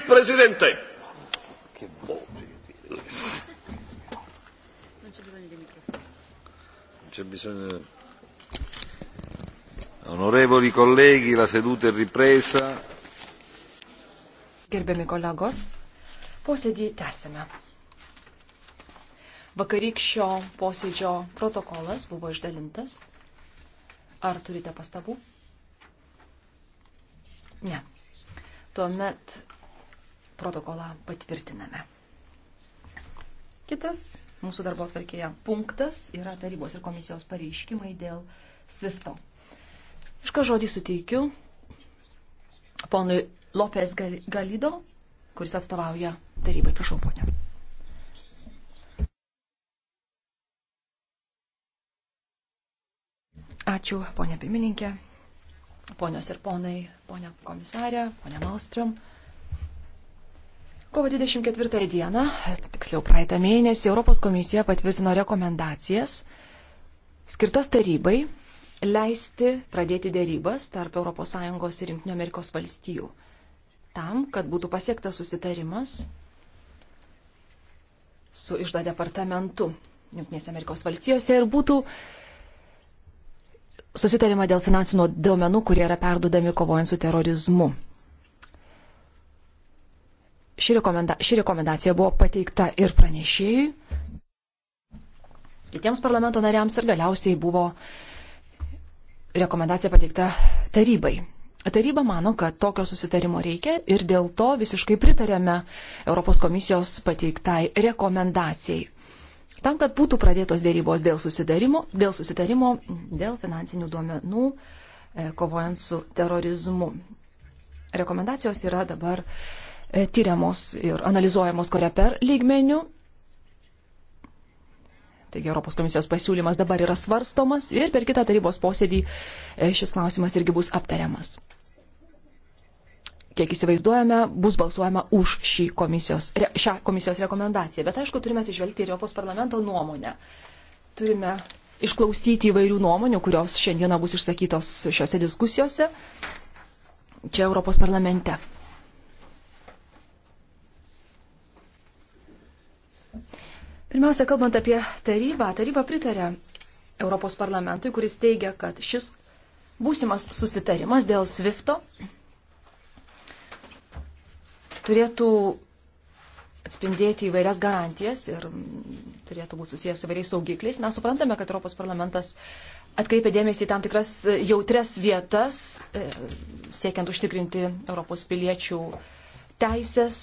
il Presidente. Che Non c'è bisogno di microfono. Non c'è bisogno. Onorevoli colleghi, la seduta è ripresa. Gerbiami kolegos, posėdį tęsime. Vakarykščio posėdžio protokolas buvo išdalintas. Ar turite pastabų? Ne. Tuomet protokolą patvirtiname. Kitas mūsų darbo atvarkėje punktas yra tarybos ir komisijos pareiškimai dėl SWIFTO. Iš ką žodį suteikiu ponui Lopez Galido, kuris atstovauja tarybai. Prašau, ponia. Ačiū, ponia pirmininkė, ponios ir ponai, ponia komisarė, ponia Malstrom. Kovo 24 dieną, tiksliau praeitą mėnesį, Europos komisija patvirtino rekomendacijas skirtas tarybai leisti pradėti dėrybas tarp ES ir JAV tam, kad būtų pasiektas susitarimas su išda departamentu JAV ir būtų susitarima dėl finansinių duomenų, kurie yra perdudami kovojant su terorizmu. Ši, rekomenda, ši rekomendacija buvo pateikta ir pranešėjui, kitiems parlamento nariams ir galiausiai buvo rekomendacija pateikta tarybai. Taryba mano, kad tokio susitarimo reikia ir dėl to visiškai pritarėme Europos komisijos pateiktai rekomendacijai. Tam, kad būtų pradėtos dėrybos dėl susitarimo, dėl, susitarimo, dėl finansinių duomenų, e, kovojant su terorizmu. Rekomendacijos yra dabar uh, E, tyriamos ir analizuojamos koreper lygmenių. Taigi Europos komisijos pasiūlymas dabar yra svarstomas ir per kitą tarybos posėdį e, šis klausimas irgi bus aptariamas. Kiek įsivaizduojame, bus balsuojama už šį komisijos, šią komisijos rekomendaciją. Bet aišku, turime atsižvelgti ir Europos parlamento nuomonę. Turime išklausyti įvairių nuomonių, kurios šiandieną bus išsakytos šiuose diskusijose čia Europos parlamente. Pirmiausia, kalbant apie tarybą, taryba pritarė Europos parlamentui, kuris teigia, kad šis būsimas susitarimas dėl SWIFTO turėtų atspindėti įvairias garantijas ir turėtų būti susijęs su įvairiais saugikliais. Mes suprantame, kad Europos parlamentas atkreipia dėmesį į tam tikras jautres vietas, e, siekiant užtikrinti Europos piliečių teisės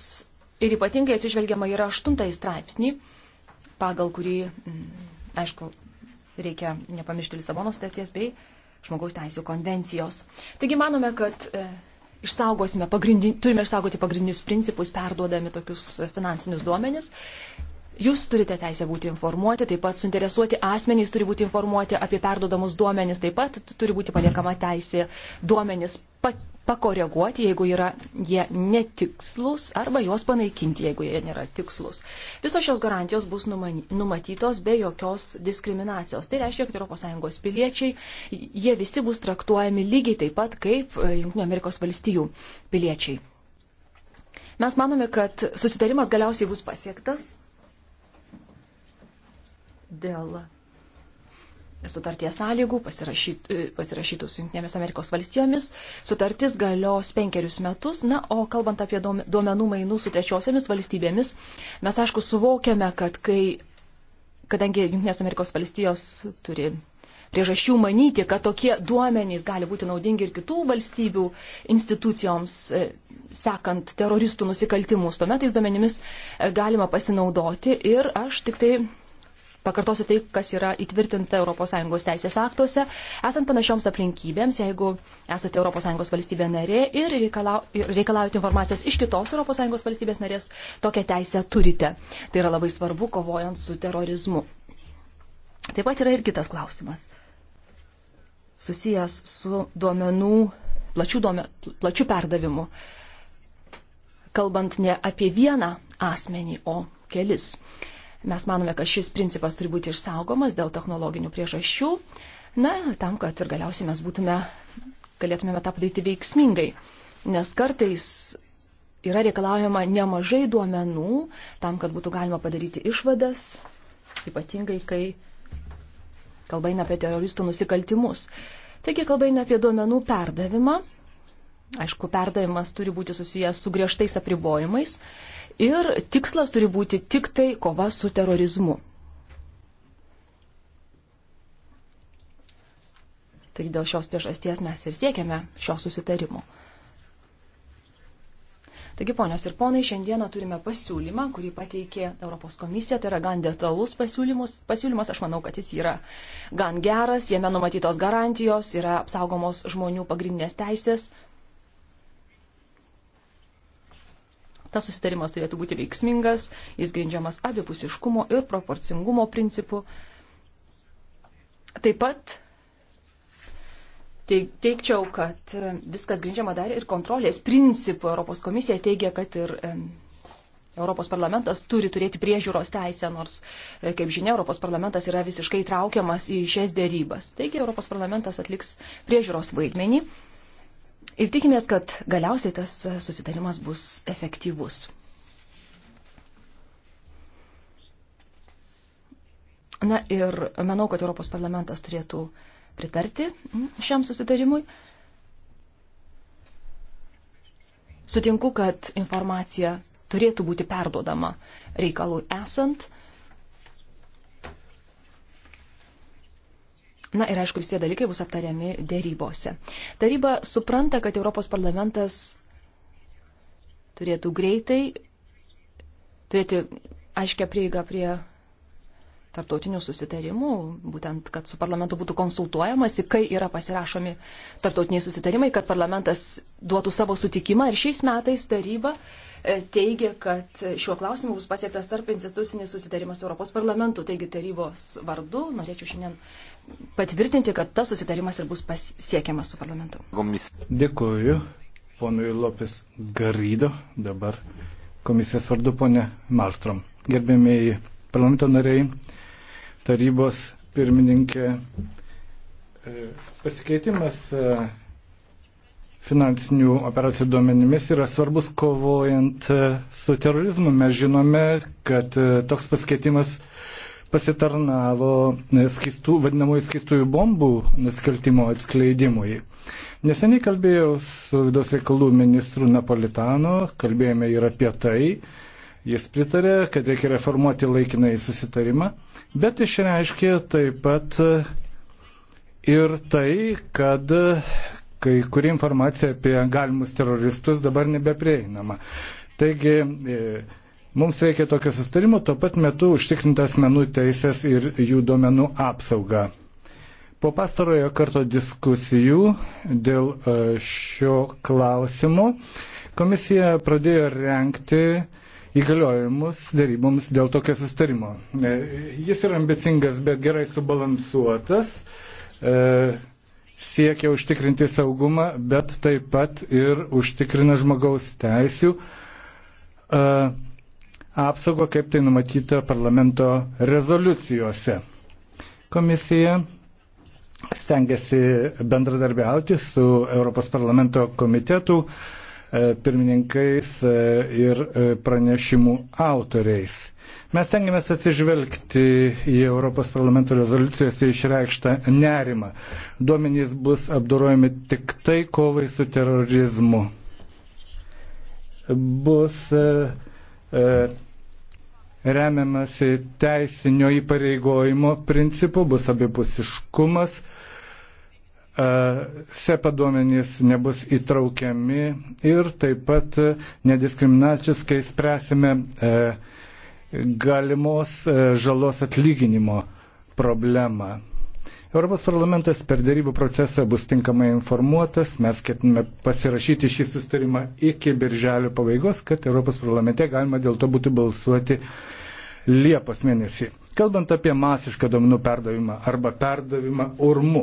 ir ypatingai atsižvelgiama yra aštuntąjį straipsnį pagal kurį, mm, aišku, reikia nepamiršti Lisabono sutarties bei žmogaus teisų konvencijos. Taigi manome, kad e, išsaugosime pagrindin, turime išsaugoti pagrindinius principus, perduodami tokius finansinius duomenis. Jūs turite teisę būti informuoti, taip pat suinteresuoti asmenys turi būti informuoti apie perduodamus duomenis, taip pat turi būti paliekama teisė duomenis pakoreguoti, jeigu yra jie netikslus, arba juos panaikinti, jeigu jie nėra tikslus. Visos šios garantijos bus numatytos be jokios diskriminacijos. Tai reiškia, kad ES piliečiai, jie visi bus traktuojami lygiai taip pat kaip e, JAV piliečiai. Mes manome, kad susitarimas galiausiai bus pasiektas dėl sutarties sąlygų pasirašytų, e, pasirašytų su Junktinėmis Amerikos valstijomis. Sutartis galios penkerius metus. Na, o kalbant apie duomenų mainų su trečiosiomis valstybėmis, mes aišku suvokiame, kad kai, kadangi Junktinės Amerikos valstijos turi priežasčių manyti, kad tokie duomenys gali būti naudingi ir kitų valstybių institucijoms, e, sekant teroristų nusikaltimus, tuomet tais duomenimis e, galima pasinaudoti ir aš tik tai pakartosiu tai, kas yra įtvirtinta ES teisės aktuose, esant panašioms aplinkybėms, jeigu esate ES valstybė narė ir, reikalau, ir reikalaujate informacijos iš kitos ES valstybės narės, tokią teisę turite. Tai yra labai svarbu, kovojant su terorizmu. Taip pat yra ir kitas klausimas, susijęs su duomenų, plačių, duomenų, plačių perdavimu, kalbant ne apie vieną asmenį, o kelis. Uh, Mes manome, kad šis principas turi būti išsaugomas dėl technologinių priežasčių, na, tam, kad ir galiausiai mes būtume, galėtumėme tą padaryti veiksmingai. Nes kartais yra reikalaujama nemažai duomenų tam, kad būtų galima padaryti išvadas, ypatingai kai kalba eina apie teroristų nusikaltimus. Taigi kalba eina apie duomenų perdavimą. Aišku, perdavimas turi būti susijęs su griežtais apribojimais ir tikslas turi būti tik tai kova su terorizmu. Taigi dėl šios priežasties mes ir siekiame šio susitarimo. Taigi, ponios ir ponai, šiandieną turime pasiūlymą, kurį pateikė Europos komisija, tai yra gan detalus pasiūlymas, aš manau, kad jis yra gan geras, jame numatytos garantijos, yra apsaugomos žmonių pagrindinės teisės, Tas susitarimas turėtų būti veiksmingas, jis grindžiamas abipusiškumo ir proporcingumo principu. Taip pat teikčiau, kad viskas grindžiama dar ir kontrolės principu. Europos komisija teigia, kad ir Europos parlamentas turi turėti priežiūros teisę, nors, e, kaip žinia, Europos parlamentas yra visiškai traukiamas į šias dėrybas. Taigi Europos parlamentas atliks priežiūros vaidmenį Ir tikimės, kad galiausiai tas susitarimas bus efektyvus. Na ir manau, kad Europos parlamentas turėtų pritarti šiam susitarimui. Sutinku, kad informacija turėtų būti perdodama reikalui esant. Na ir aišku, visi tie dalykai bus aptariami dėrybose. Taryba supranta, kad Europos parlamentas turėtų greitai turėti aiškę prieigą prie tarptautinių susitarimų, būtent, kad su parlamentu būtų konsultuojamasi, kai yra pasirašomi tarptautiniai susitarimai, kad parlamentas duotų savo sutikimą ir šiais metais taryba e, teigia, kad šiuo klausimu bus pasiektas tarp institucinis susitarimas Europos parlamentų. Taigi tarybos vardu norėčiau šiandien patvirtinti, kad tas susitarimas ir bus pasiekiamas su parlamentu. Dėkuoju, ponui Lopis Garydo, dabar komisijos vardu ponė Malstrom. Gerbėmėjai parlamento nariai, tarybos pirmininkė, e, pasikeitimas e, finansinių operacijų duomenimis yra svarbus kovojant e, su terorizmu. Mes žinome, kad toks pasikeitimas pasitarnavo e, skistų, vadinamųjų skistųjų bombų nusikaltimo atskleidimui. Neseniai kalbėjau su vidaus reikalų ministru Napolitano, kalbėjome ir apie tai. Jis pritarė, kad reikia reformuoti laikinai susitarimą, bet išreiškė taip pat ir tai, kad kai kuri informacija apie galimus teroristus dabar nebeprieinama. Taigi e, Mums reikia tokio sustarimo, tuo pat metu užtikrinti asmenų teisės ir jų duomenų apsaugą. Po pastarojo karto diskusijų dėl e, šio klausimo komisija pradėjo renkti įgaliojimus daryboms dėl tokio sustarimo. E, jis yra ambicingas, bet gerai subalansuotas, e, siekia užtikrinti saugumą, bet taip pat ir užtikrina žmogaus teisių apsaugą, kaip tai numatyta parlamento rezoliucijose. Komisija stengiasi bendradarbiauti su Europos parlamento komitetų e, pirmininkais e, ir e, pranešimų autoriais. Mes tengiamės atsižvelgti į Europos parlamento rezoliucijose išreikštą nerimą. Duomenys bus apdorojami tik tai kovai su terorizmu. Bus e, e, remiamasi teisinio įpareigojimo principu, bus abipusiškumas, e, SEPA duomenys nebus įtraukiami ir taip pat nediskriminaciškai spręsime e, galimos e, žalos atlyginimo problemą. Europos parlamentas per darybų procesą bus tinkamai informuotas. Mes ketiname pasirašyti šį sustarimą iki birželio pabaigos, kad Europos parlamente galima dėl to būtų balsuoti Liepos mėnesį. Kalbant apie masišką duomenų perdavimą arba perdavimą urmu,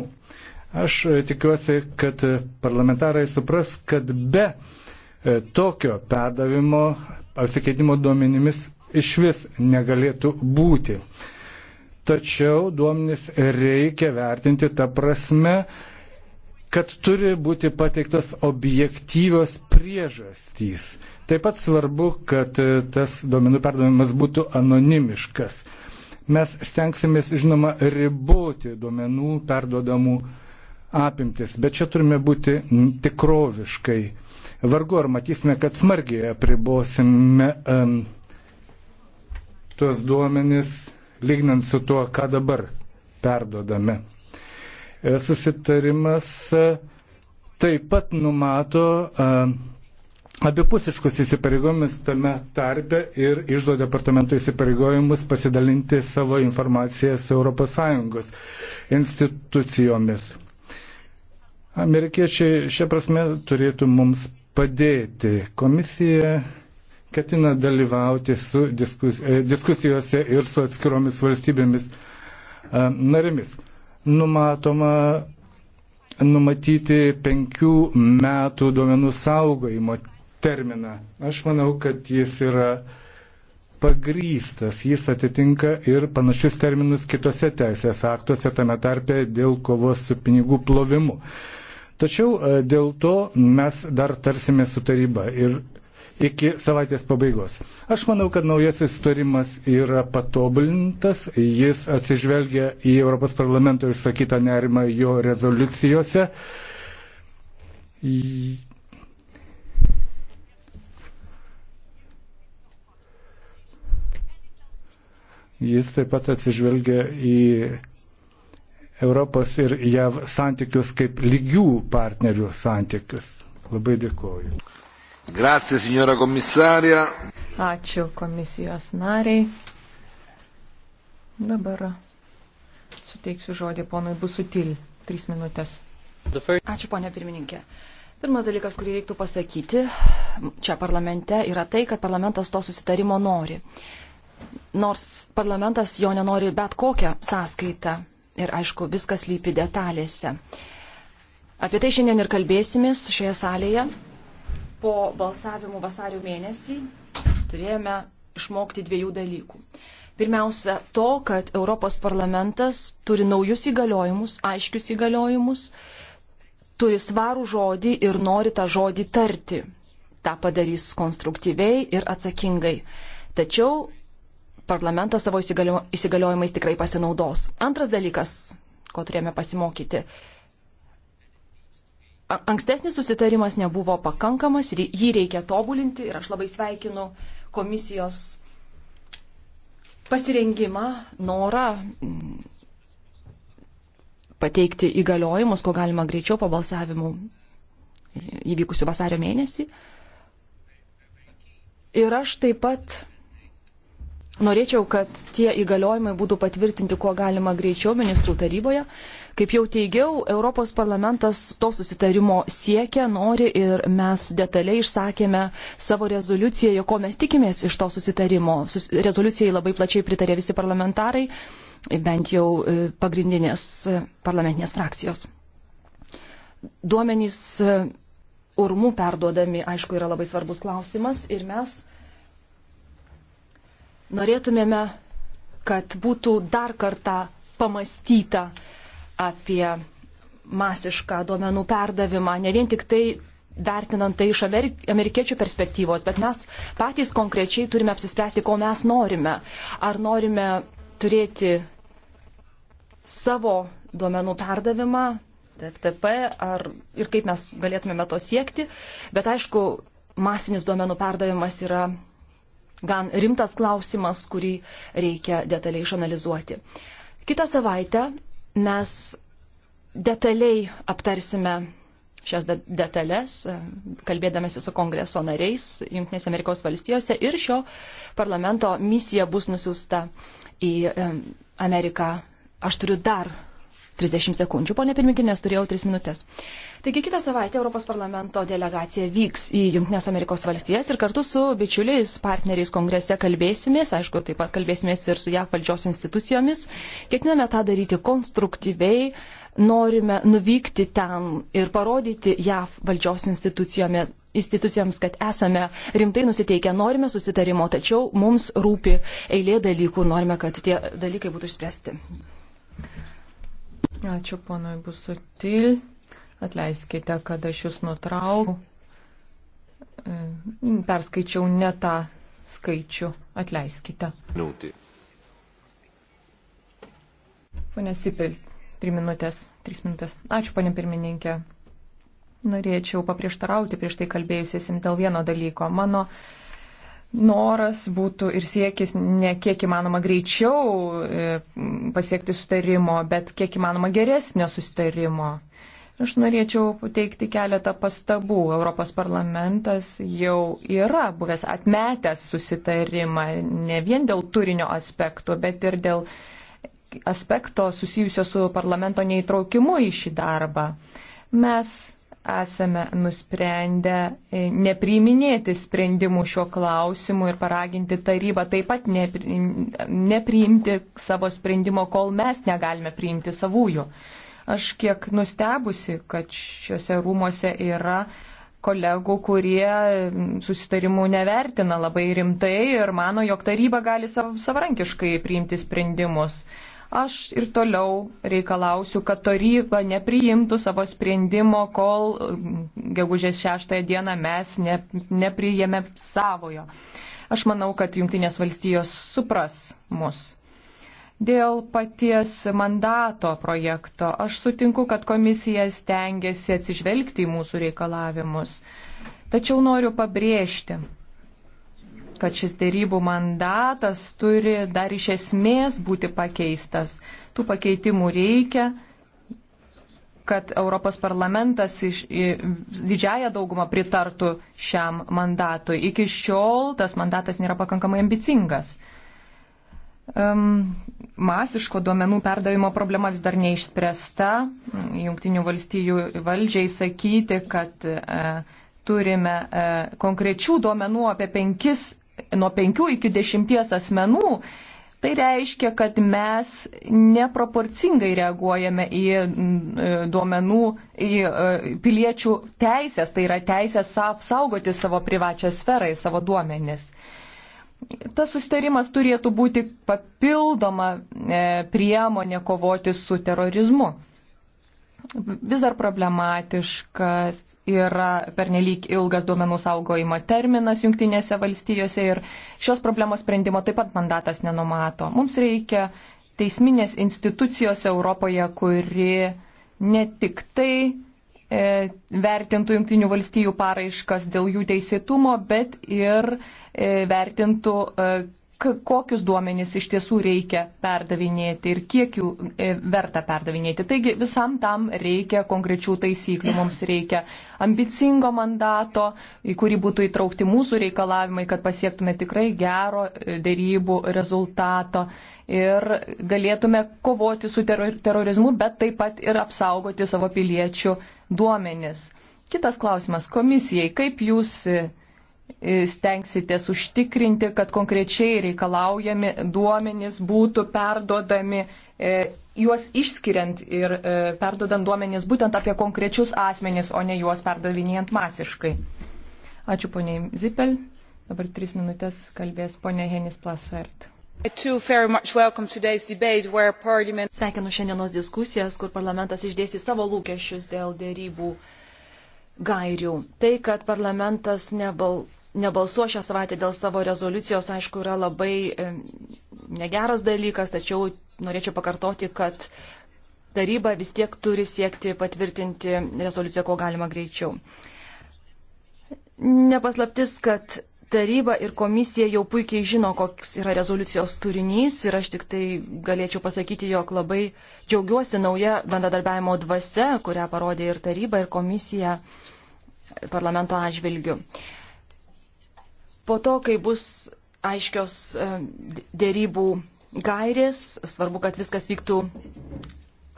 aš e, tikiuosi, kad e, parlamentarai supras, kad be e, tokio perdavimo apsikeitimo duomenimis iš vis negalėtų būti. Tačiau duomenis reikia vertinti tą prasme, kad turi būti pateiktas objektyvios priežastys. Taip pat svarbu, kad e, tas duomenų perdavimas būtų anonimiškas. Mes stengsimės, žinoma, riboti duomenų perdodamų apimtis, bet čia turime būti tikroviškai. Vargu ar matysime, kad smarkiai apribosime um, tuos duomenis, lygnant su tuo, ką dabar perdodame. E, susitarimas e, taip pat numato e, abipusiškus įsipareigojimus tame tarpe ir išdo departamento įsipareigojimus pasidalinti savo informaciją su ES institucijomis. Amerikiečiai šia prasme turėtų mums padėti. Komisija ketina dalyvauti diskus, diskusijose ir su atskiromis valstybėmis narėmis numatoma numatyti penkių metų duomenų saugojimo terminą. Aš manau, kad jis yra pagrystas, jis atitinka ir panašius terminus kitose teisės aktuose, tame tarpe dėl kovos su pinigų plovimu. Tačiau e, dėl to mes dar tarsime su taryba ir iki savaitės pabaigos. Aš manau, kad naujasis sutarimas yra patobulintas, jis atsižvelgia į Europos parlamento išsakytą nerimą jo rezoliucijose. Jis taip pat atsižvelgia į Europos ir JAV santykius kaip lygių partnerių santykius. Labai dėkoju. Grazie, signora komisarė. Ačiū komisijos nariai. Dabar suteiksiu žodį ponui Busutil. Trys minutės. Ačiū, ponė pirmininkė. Pirmas dalykas, kurį reiktų pasakyti čia parlamente, yra tai, kad parlamentas to susitarimo nori. Nors parlamentas jo nenori bet kokią sąskaitą. Ir aišku, viskas lypi detalėse. Apie tai šiandien ir kalbėsimės šioje salėje po balsavimų vasario mėnesį turėjome išmokti dviejų dalykų. Pirmiausia, to, kad Europos parlamentas turi naujus įgaliojimus, aiškius įgaliojimus, turi svarų žodį ir nori tą žodį tarti. Ta padarys konstruktyviai ir atsakingai. Tačiau parlamentas savo įsigaliojimais tikrai pasinaudos. Antras dalykas, ko turėjome pasimokyti, ankstesnis susitarimas nebuvo pakankamas, jį reikia tobulinti ir aš labai sveikinu komisijos pasirengimą, norą mm, pateikti įgaliojimus, ko galima greičiau po balsavimų įvykusių vasario mėnesį. Ir aš taip pat norėčiau, kad tie įgaliojimai būtų patvirtinti, kuo galima greičiau ministrų taryboje. Kaip jau teigiau, Europos parlamentas to susitarimo siekia, nori ir mes detaliai išsakėme savo rezoliuciją, ko mes tikimės iš to susitarimo. Sus, rezoliucijai labai plačiai pritarė visi parlamentarai, bent jau e, pagrindinės e, parlamentinės frakcijos. Duomenys e, urmų perduodami, aišku, yra labai svarbus klausimas ir mes norėtumėme, kad būtų dar kartą pamastyta apie masišką duomenų perdavimą, ne vien tik tai vertinant tai iš amerikiečių perspektyvos, bet mes patys konkrečiai turime apsispręsti, ko mes norime. Ar norime turėti savo duomenų perdavimą, TFTP, ar ir kaip mes galėtumėme to siekti. Bet aišku, masinis duomenų perdavimas yra gan rimtas klausimas, kurį reikia detaliai išanalizuoti. Kita savaitė Mes detaliai aptarsime šias detalės, kalbėdamėsi su kongreso nariais Junktinėse Amerikos valstijose ir šio parlamento misija bus nusiusta į Ameriką. Aš turiu dar 30 sekundžių. Pone pirmininkė, nes turėjau 3 minutės. Taigi kitą savaitę Europos parlamento delegacija vyks į Junktinės Amerikos valstijas ir kartu su bičiuliais partneriais kongrese kalbėsimės, aišku, taip pat kalbėsimės ir su JAV valdžios institucijomis. Ketiname tą daryti konstruktyviai, norime nuvykti ten ir parodyti JAV valdžios institucijomis institucijoms, kad esame rimtai nusiteikę, norime susitarimo, tačiau mums rūpi eilė dalykų ir norime, kad tie dalykai būtų išspręsti. Ačiū ponui Busutil. Atleiskite, kad aš jūs nutraukau. E, perskaičiau ne tą skaičių. Atleiskite. Minutį. Pone Sipil, 3 minutės, 3 minutės. Ačiū, ponė pirmininkė. Norėčiau paprieštarauti prieš tai kalbėjusiesiems dėl vieno dalyko. Mano noras būtų ir siekis ne kiek įmanoma greičiau e, pasiekti sustarimo, bet kiek įmanoma geresnio sustarimo. Aš norėčiau pateikti keletą pastabų. Europos parlamentas jau yra buvęs atmetęs susitarimą ne vien dėl turinio aspektų, bet ir dėl aspekto susijusio su parlamento neįtraukimu į šį darbą. Mes esame nusprendę e, nepriiminėti sprendimų šiuo klausimu ir paraginti tarybą taip pat nepriimti savo sprendimo, kol mes negalime priimti savųjų. Aš kiek nustebusi, kad šiuose rūmose yra kolegų, kurie susitarimų nevertina labai rimtai ir mano, jog taryba gali sav savarankiškai priimti sprendimus. Aš ir toliau reikalausiu, kad taryba nepriimtų savo sprendimo, kol mm, gegužės šeštąją dieną mes ne, nepriėmė savojo. Aš manau, kad Junktinės valstijos supras mus. Dėl paties mandato projekto aš sutinku, kad komisija stengiasi atsižvelgti į mūsų reikalavimus. Tačiau noriu pabrėžti, kad šis dėrybų mandatas turi dar iš esmės būti pakeistas. Tų pakeitimų reikia kad Europos parlamentas iš, didžiąją daugumą pritartų šiam mandatui. Iki šiol tas mandatas nėra pakankamai ambicingas. Um, masiško duomenų perdavimo problema vis dar neišspręsta. Jungtinių valstybių valdžiai sakyti, kad uh, turime uh, konkrečių duomenų apie penkis nuo 5 iki 10 asmenų, Tai reiškia, kad mes neproporcingai reaguojame į mm, e, duomenų, į e, piliečių teisės, tai yra teisės apsaugoti savo privačią sferą, į savo duomenis. Tas sustarimas turėtų būti papildoma e, priemonė kovoti su terorizmu vis dar problematiškas yra pernelyg ilgas duomenų saugojimo terminas jungtinėse valstijose ir šios problemos sprendimo taip pat mandatas nenumato. Mums reikia teisminės institucijos Europoje, kuri ne tik tai e, vertintų jungtinių valstijų paraiškas dėl jų teisėtumo, bet ir e, vertintų e, kokius duomenys iš tiesų reikia perdavinėti ir kiek jų e, verta perdavinėti. Taigi visam tam reikia konkrečių taisyklių, mums reikia ambicingo mandato, į kurį būtų įtraukti mūsų reikalavimai, kad pasiektume tikrai gero e, dėrybų rezultato ir galėtume kovoti su terorizmu, bet taip pat ir apsaugoti savo piliečių duomenis. Kitas klausimas komisijai, kaip jūs e, stengsitės užtikrinti, kad konkrečiai reikalaujami duomenys būtų perdodami, e, juos išskiriant ir e, perdodant duomenys būtent apie konkrečius asmenys, o ne juos perdavinėjant masiškai. Ačiū poniai Zipel. Dabar tris minutės kalbės ponia Henis Plasuert. Sveikinu šiandienos diskusijas, kur parlamentas išdėsi savo lūkesčius dėl dėrybų uh, gairių. Tai, kad parlamentas nebal, nebalsuo šią savaitę dėl savo rezoliucijos, aišku, yra labai e, negeras dalykas, tačiau norėčiau pakartoti, kad taryba vis tiek turi siekti patvirtinti rezoliuciją, kuo galima greičiau. Nepaslaptis, kad taryba ir komisija jau puikiai žino, koks yra rezoliucijos turinys ir aš tik tai galėčiau pasakyti, jog labai džiaugiuosi nauja bendradarbiavimo dvasia, kurią parodė ir taryba, ir komisija parlamento atžvilgiu. Po to, kai bus aiškios e, dėrybų gairės, svarbu, kad viskas vyktų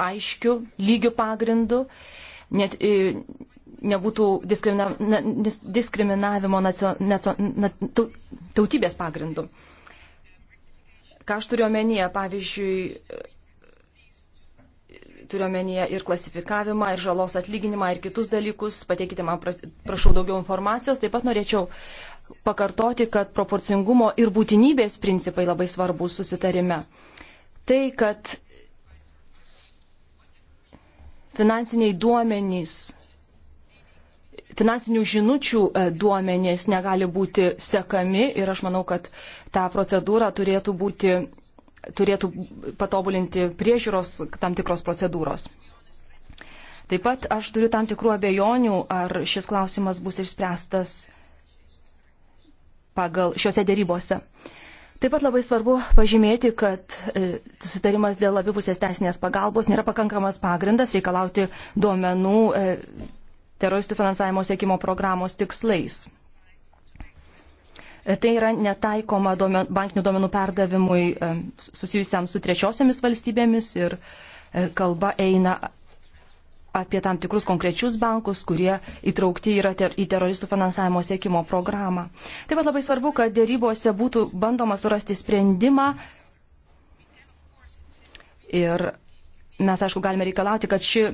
aiškių lygių pagrindų, net e, nebūtų diskrimina, na, diskriminavimo nacio, nacio, na, tautybės pagrindu. Ką aš turiu omenyje, pavyzdžiui, turiu omenyje ir klasifikavimą, ir žalos atlyginimą, ir kitus dalykus. Pateikite man, prašau, daugiau informacijos. Taip pat norėčiau pakartoti, kad proporcingumo ir būtinybės principai labai svarbus susitarime. Tai, kad finansiniai duomenys finansinių žinučių e, duomenys negali būti sekami ir aš manau, kad tą procedūrą turėtų, būti, turėtų patobulinti priežiūros tam tikros procedūros. Taip pat aš turiu tam tikrų abejonių, ar šis klausimas bus išspręstas pagal šiuose dėrybose. Taip pat labai svarbu pažymėti, kad e, susitarimas dėl abipusės teisinės pagalbos nėra pakankamas pagrindas reikalauti duomenų e, teroristų finansavimo siekimo programos tikslais. Tai yra netaikoma duomen, bankinių duomenų perdavimui e, susijusiam su trečiosiamis valstybėmis ir e, kalba eina apie tam tikrus konkrečius bankus, kurie įtraukti yra ter, į teroristų finansavimo siekimo programą. Taip pat labai svarbu, kad dėrybose būtų bandoma surasti sprendimą ir mes, aišku, galime reikalauti, kad ši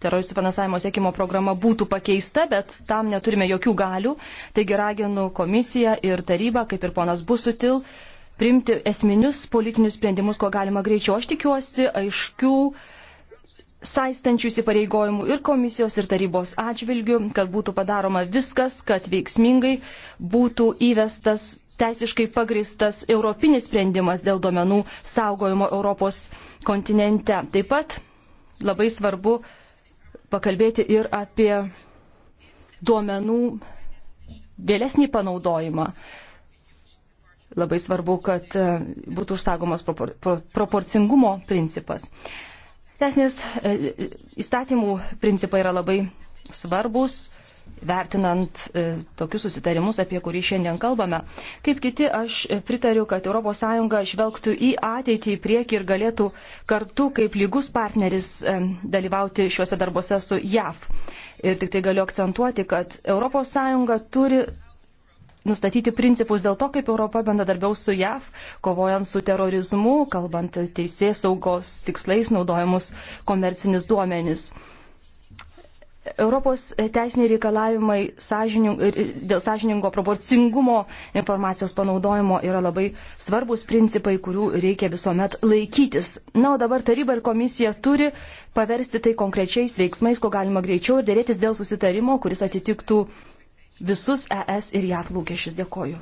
teroristų finansavimo sėkimo programa būtų pakeista, bet tam neturime jokių galių. Taigi raginu komisiją ir tarybą, kaip ir ponas Busutil, priimti esminius politinius sprendimus, kuo galima greičiau. Aš tikiuosi aiškių saistančių įsipareigojimų ir komisijos, ir tarybos atžvilgių, kad būtų padaroma viskas, kad veiksmingai būtų įvestas teisiškai pagristas europinis sprendimas dėl duomenų saugojimo Europos kontinente. Taip pat labai svarbu pakalbėti ir apie duomenų vėlesnį panaudojimą. Labai svarbu, kad e, būtų užsagomas propor proporcingumo principas. Tesnės e, įstatymų principai yra labai svarbus vertinant e, tokius susitarimus, apie kurį šiandien kalbame. Kaip kiti, aš e, pritariu, kad ES žvelgtų į ateitį, į priekį ir galėtų kartu kaip lygus partneris e, dalyvauti šiuose darbuose su JAV. Ir tik tai galiu akcentuoti, kad ES turi nustatyti principus dėl to, kaip Europa bendradarbiaus su JAV, kovojant su terorizmu, kalbant teisės saugos tikslais naudojamus komercinis duomenis. Europos teisiniai reikalavimai sąžining, dėl sąžiningo proporcingumo informacijos panaudojimo yra labai svarbus principai, kurių reikia visuomet laikytis. Na, o dabar taryba ir komisija turi paversti tai konkrečiais veiksmais, ko galima greičiau ir dėrėtis dėl susitarimo, kuris atitiktų visus ES ir JAF lūkesčius. Dėkoju.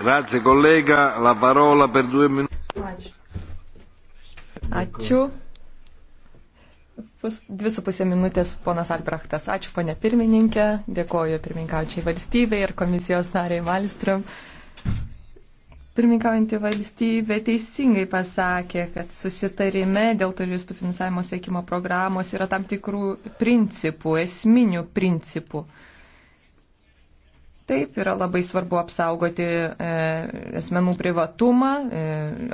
Grazie, kolega. La parola per due minuti. Ačiū. Ačiū. Pus dvi su pusė minutės ponas Albrechtas. Ačiū ponė pirmininkė, dėkoju pirmininkaučiai valstybei ir komisijos nariai Malstrom. Pirmininkaujantį valstybę teisingai pasakė, kad susitarime dėl turistų finansavimo sėkimo programos yra tam tikrų principų, esminių principų. Taip, yra labai svarbu apsaugoti e, asmenų privatumą, e,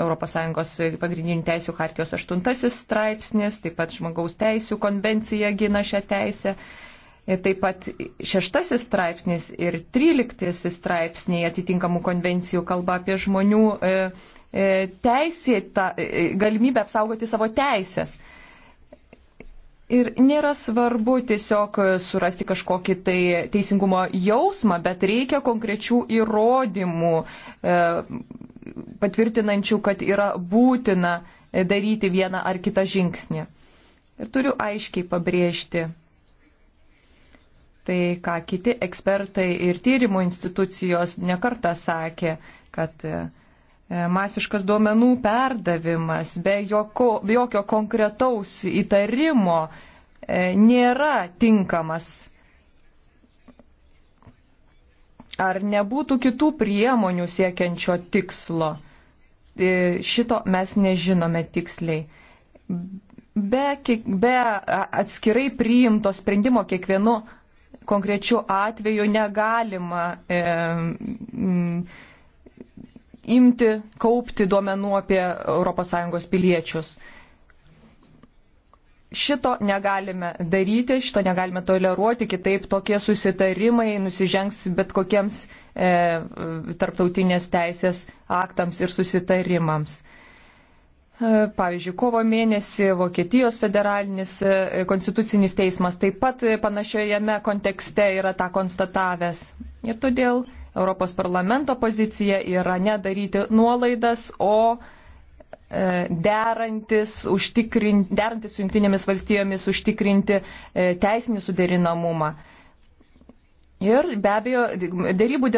ES pagrindinių teisų hartijos 8 straipsnis, taip pat žmogaus teisų konvencija gina šią teisę. E, taip pat 6 straipsnis ir 13 straipsniai atitinkamų konvencijų kalba apie žmonių e, e, teisėtą e, galimybę apsaugoti savo teisės. E, Ir nėra svarbu tiesiog surasti kažkokį tai teisingumo jausmą, bet reikia konkrečių įrodymų e, patvirtinančių, kad yra būtina daryti vieną ar kitą žingsnį. Ir turiu aiškiai pabrėžti tai, ką kiti ekspertai ir tyrimų institucijos nekarta sakė, kad e, E, masiškas duomenų perdavimas be, joko, be jokio konkretaus įtarimo e, nėra tinkamas. Ar nebūtų kitų priemonių siekiančio tikslo? E, šito mes nežinome tiksliai. Be, be atskirai priimto sprendimo kiekvienu konkrečiu atveju negalima. E, mm, imti, kaupti duomenų apie ES piliečius. Šito negalime daryti, šito negalime toleruoti, kitaip tokie susitarimai nusižengs bet kokiems e, tarptautinės teisės aktams ir susitarimams. E, pavyzdžiui, kovo mėnesį Vokietijos federalinis e, konstitucinis teismas taip pat panašioje kontekste yra tą konstatavęs. Ir todėl Europos parlamento pozicija yra nedaryti nuolaidas, o e, derantis, užtikrin, derantis su jungtinėmis valstijomis užtikrinti e, teisinį suderinamumą. Ir be abejo, dėrybų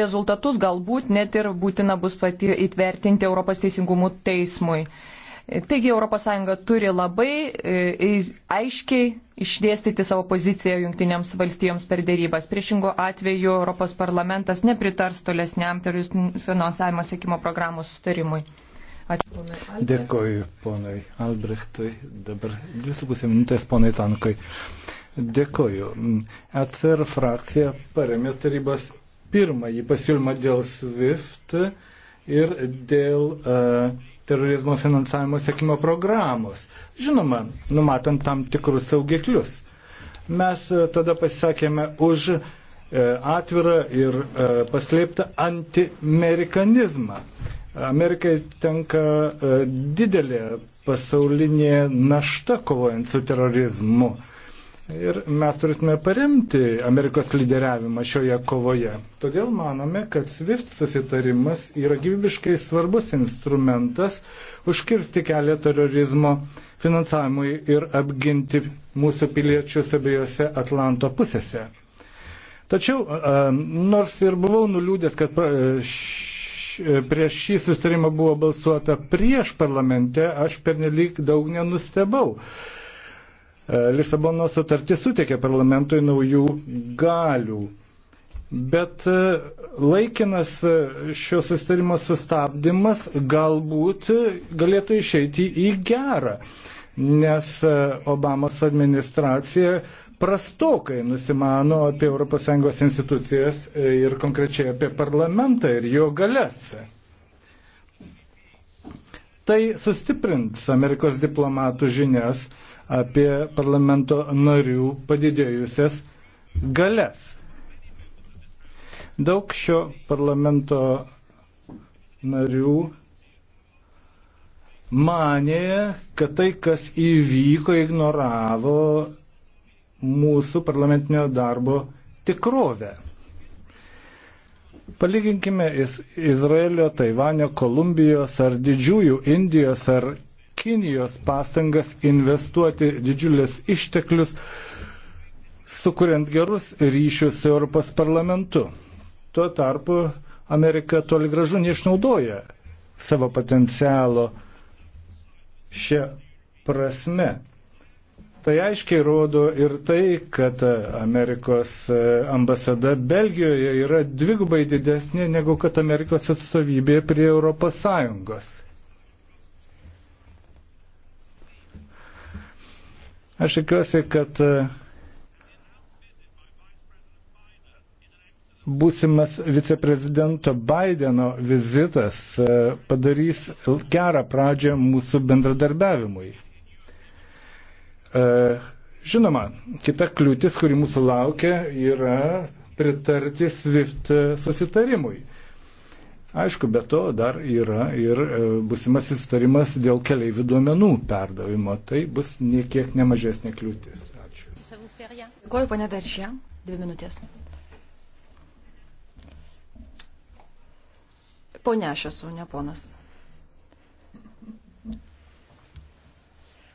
rezultatus galbūt net ir būtina bus pati įtvertinti Europos teisingumo teismui. Taigi ES turi labai e, e, aiškiai išdėstyti savo poziciją jungtinėms valstijoms per dėrybas. Priešingo atveju Europos parlamentas nepritars tolesniam teroristų finansavimo sėkimo programos sustarimui. Ačiū, ponai. Albrecht. Dėkoju, ponai Albrechtui. Dabar 2,5 minutės, ponai Tankai. Dėkoju. ECR frakcija paremė tarybas pirmąjį pasiūlymą dėl SWIFT ir dėl uh, terorizmo finansavimo sėkimo programos. Žinoma, numatant tam tikrus saugiklius. Mes e, tada pasisakėme už e, atvirą ir e, paslėptą antiamerikanizmą. Amerikai tenka didelė pasaulinė našta kovojant su terorizmu. Ir mes turėtume paremti Amerikos lyderiavimą šioje kovoje. Todėl manome, kad SWIFT susitarimas yra gyvybiškai svarbus instrumentas užkirsti kelią terorizmo finansavimui ir apginti mūsų piliečius abiejose Atlanto pusėse. Tačiau, nors ir buvau nuliūdęs, kad prieš šį sustarimą buvo balsuota prieš parlamente, aš pernelyg daug nenustebau. E, Lisabono sutartis suteikė parlamentui naujų galių. Bet e, laikinas e, šio sustarimo sustabdymas galbūt galėtų išeiti į gerą, nes Obamos administracija prastokai nusimano apie ES institucijas ir konkrečiai apie parlamentą ir jo galės. Tai sustiprins Amerikos diplomatų žinias apie parlamento narių padidėjusias galės. Daug šio parlamento narių manė, kad tai, kas įvyko, ignoravo mūsų parlamentinio darbo tikrovę. Palyginkime Izraelio, Taivanio, Kolumbijos ar didžiųjų Indijos ar Kinijos pastangas investuoti didžiulius išteklius, sukuriant gerus ryšius su Europos parlamentu. Tuo tarpu Amerika toli gražu neišnaudoja savo potencialo šią prasme. Tai aiškiai rodo ir tai, kad Amerikos ambasada Belgijoje yra dvigubai didesnė negu kad Amerikos atstovybė prie Europos Sąjungos. Aš tikiuosi, kad e, būsimas viceprezidento Bideno vizitas e, padarys gerą pradžią mūsų bendradarbiavimui. E, žinoma, kita kliūtis, kuri mūsų laukia, yra pritarti SWIFT susitarimui. Aišku, be to dar yra ir e, busimasis sutarimas dėl keliaivių duomenų perdavimo. Tai bus niekiek nemažesnė kliūtis. Ačiū. Dėkuoju, ponė Veržė. Dvi minutės. Pone aš esu, ne ponas.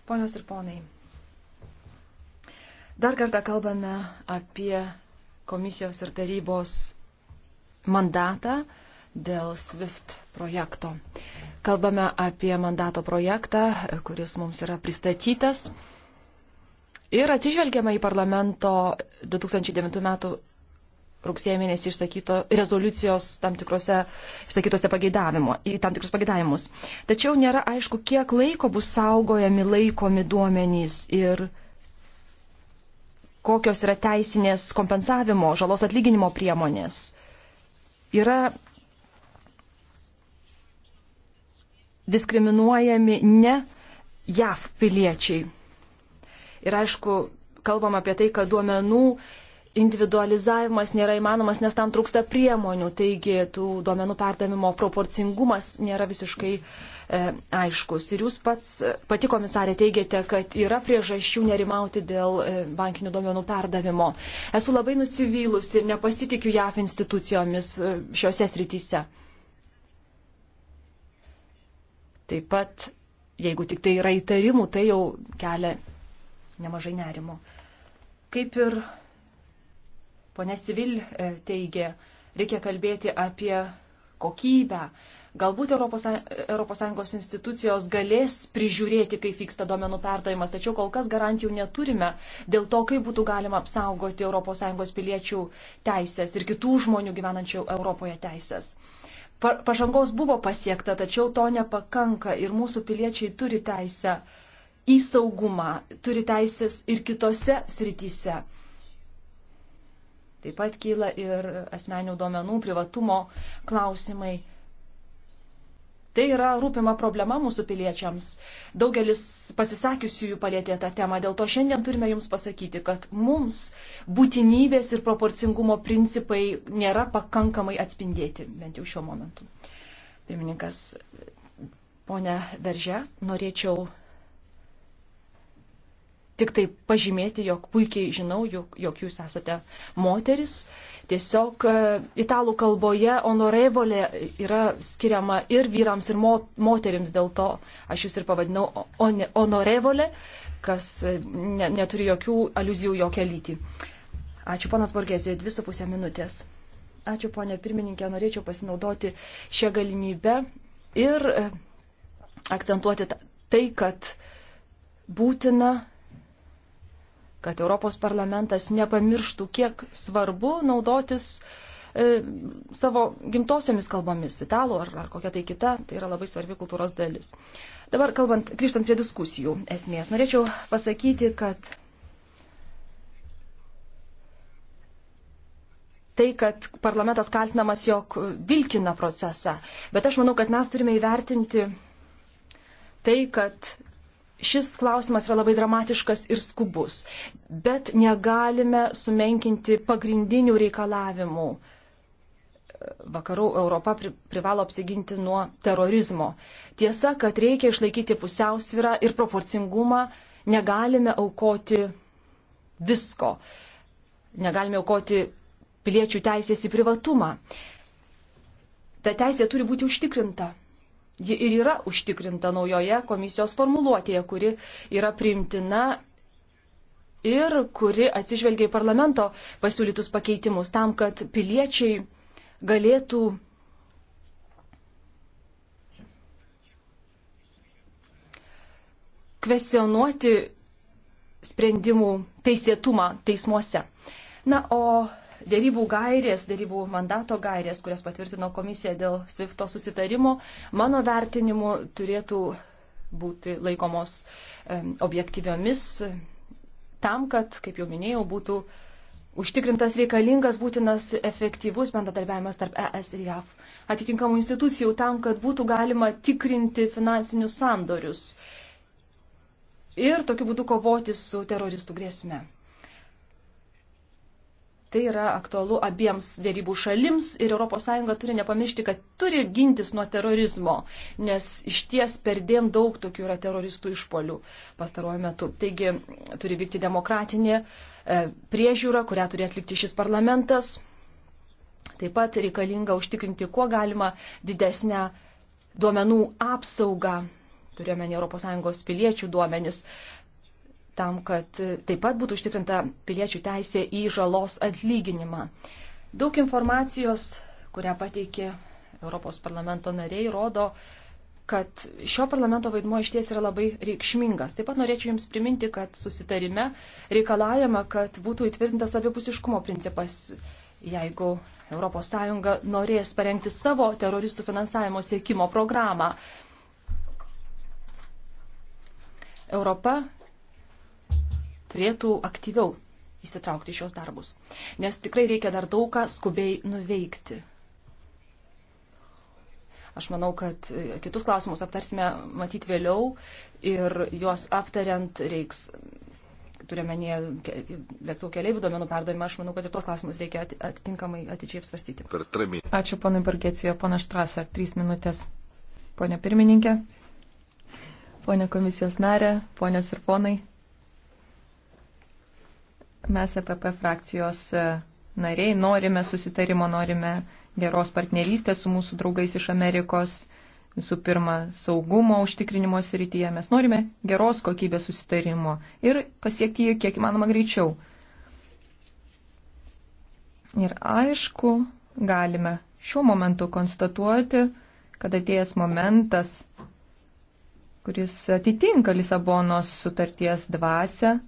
Ponios ir ponai, dar kartą kalbame apie komisijos ir tarybos mandatą dėl SWIFT projekto. Kalbame apie mandato projektą, kuris mums yra pristatytas. Ir atsižvelgiama į parlamento 2009 m. rugsėjo mėnesį išsakyto rezoliucijos tam tikrose išsakytose pageidavimo, į tam tikrus pageidavimus. Tačiau nėra aišku, kiek laiko bus saugojami laikomi duomenys ir kokios yra teisinės kompensavimo, žalos atlyginimo priemonės. Yra diskriminuojami ne JAV piliečiai. Ir aišku, kalbam apie tai, kad duomenų individualizavimas nėra įmanomas, nes tam trūksta priemonių, taigi tų duomenų perdavimo proporcingumas nėra visiškai e, aiškus. Ir jūs pats, e, pati komisarė, teigiate, kad yra priežasčių nerimauti dėl e, bankinių duomenų perdavimo. Esu labai nusivylusi ir nepasitikiu JAF institucijomis e, šiuose srityse. Taip pat, jeigu tik tai yra įtarimų, tai jau kelia nemažai nerimo. Kaip ir ponė Civil e, teigė, reikia kalbėti apie kokybę. Galbūt ES institucijos galės prižiūrėti, kaip vyksta duomenų perdavimas, tačiau kol kas garantijų neturime dėl to, kaip būtų galima apsaugoti ES piliečių teisės ir kitų žmonių gyvenančių Europoje teisės. Pažangos buvo pasiekta, tačiau to nepakanka ir mūsų piliečiai turi teisę į saugumą, turi teisės ir kitose srityse. Taip pat kyla ir asmenių duomenų privatumo klausimai. Tai yra rūpima problema mūsų piliečiams. Daugelis pasisakiusiųjų palėtė tą temą, dėl to šiandien turime jums pasakyti, kad mums būtinybės ir proporcingumo principai nėra pakankamai atspindėti, bent jau šiuo momentu. Pirmininkas, ponia Veržė, norėčiau tik tai pažymėti, jog puikiai žinau, jog, jog jūs esate moteris Tiesiog e, italų kalboje onorevolė yra skiriama ir vyrams, ir mo moterims, dėl to aš jūs ir pavadinau on onorevolė, kas e, ne neturi jokių aluzijų jokią lytį. Ačiū, panas Borgėsijo, dvi su pusė minutės. Ačiū, ponė pirmininkė, norėčiau pasinaudoti šią galimybę ir e, akcentuoti tai, kad būtina kad Europos parlamentas nepamirštų, kiek svarbu naudotis e, savo gimtosiomis kalbomis, italų ar, ar kokia tai kita, tai yra labai svarbi kultūros dalis. Dabar, kalbant, grįžtant prie diskusijų esmės, norėčiau pasakyti, kad tai, kad parlamentas kaltinamas, jog vilkina procesą, bet aš manau, kad mes turime įvertinti tai, kad Šis klausimas yra labai dramatiškas ir skubus, bet negalime sumenkinti pagrindinių reikalavimų. Vakarų Europa pri, privalo apsiginti nuo terorizmo. Tiesa, kad reikia išlaikyti pusiausvyrą ir proporcingumą, negalime aukoti visko, negalime aukoti piliečių teisės į privatumą. Ta teisė turi būti užtikrinta ji ir yra užtikrinta naujoje komisijos formuluotėje, kuri yra priimtina ir kuri atsižvelgia į parlamento pasiūlytus pakeitimus tam, kad piliečiai galėtų kvesionuoti sprendimų teisėtumą teismuose. Na, o dėrybų gairės, dėrybų mandato gairės, kurias patvirtino komisija dėl SWIFTO susitarimo, mano vertinimu turėtų būti laikomos objektyviomis tam, kad, kaip jau minėjau, būtų užtikrintas reikalingas būtinas efektyvus bendradarbiavimas tarp ES ir JAV atitinkamų institucijų tam, kad būtų galima tikrinti finansinius sandorius ir tokiu būdu kovoti su teroristų grėsme. Tai yra aktualu abiems dėrybų šalims ir ES turi nepamiršti, kad turi gintis nuo terorizmo, nes iš ties perdėm daug tokių yra teroristų išpolių pastaruoju metu. Taigi turi vykti demokratinė e, priežiūra, kurią turi atlikti šis parlamentas. Taip pat reikalinga užtikrinti kuo galima didesnę duomenų apsaugą, turėjome ne ES piliečių duomenis, tam, kad taip pat būtų užtikrinta piliečių teisė į žalos atlyginimą. Daug informacijos, kurią pateikė Europos parlamento nariai, rodo, kad šio parlamento vaidmuo išties yra labai reikšmingas. Taip pat norėčiau Jums priminti, kad susitarime reikalaujama, kad būtų įtvirtintas abipusiškumo principas, jeigu ES norės parengti savo teroristų finansavimo siekimo programą. Europa turėtų aktyviau įsitraukti šios darbus, nes tikrai reikia dar daug ką skubiai nuveikti. Aš manau, kad e, kitus klausimus aptarsime matyt vėliau ir juos aptariant reiks, turiuomenėje lėktuvų keliaivių duomenų perdavimą, aš manau, kad ir tuos klausimus reikia atitinkamai atidžiai apsvarstyti. Ačiū ponui Bargecijo, pana Štrasa, trys minutės. Pone pirmininkė, pone komisijos narė, ponios ir ponai. Mes EPP frakcijos e, nariai norime susitarimo, norime geros partnerystės su mūsų draugais iš Amerikos, visų pirma, saugumo užtikrinimo srityje. Mes norime geros kokybės susitarimo ir pasiekti jį kiek įmanoma greičiau. Ir aišku, galime šiuo momentu konstatuoti, kad atėjęs momentas, kuris atitinka Lisabonos sutarties dvasę,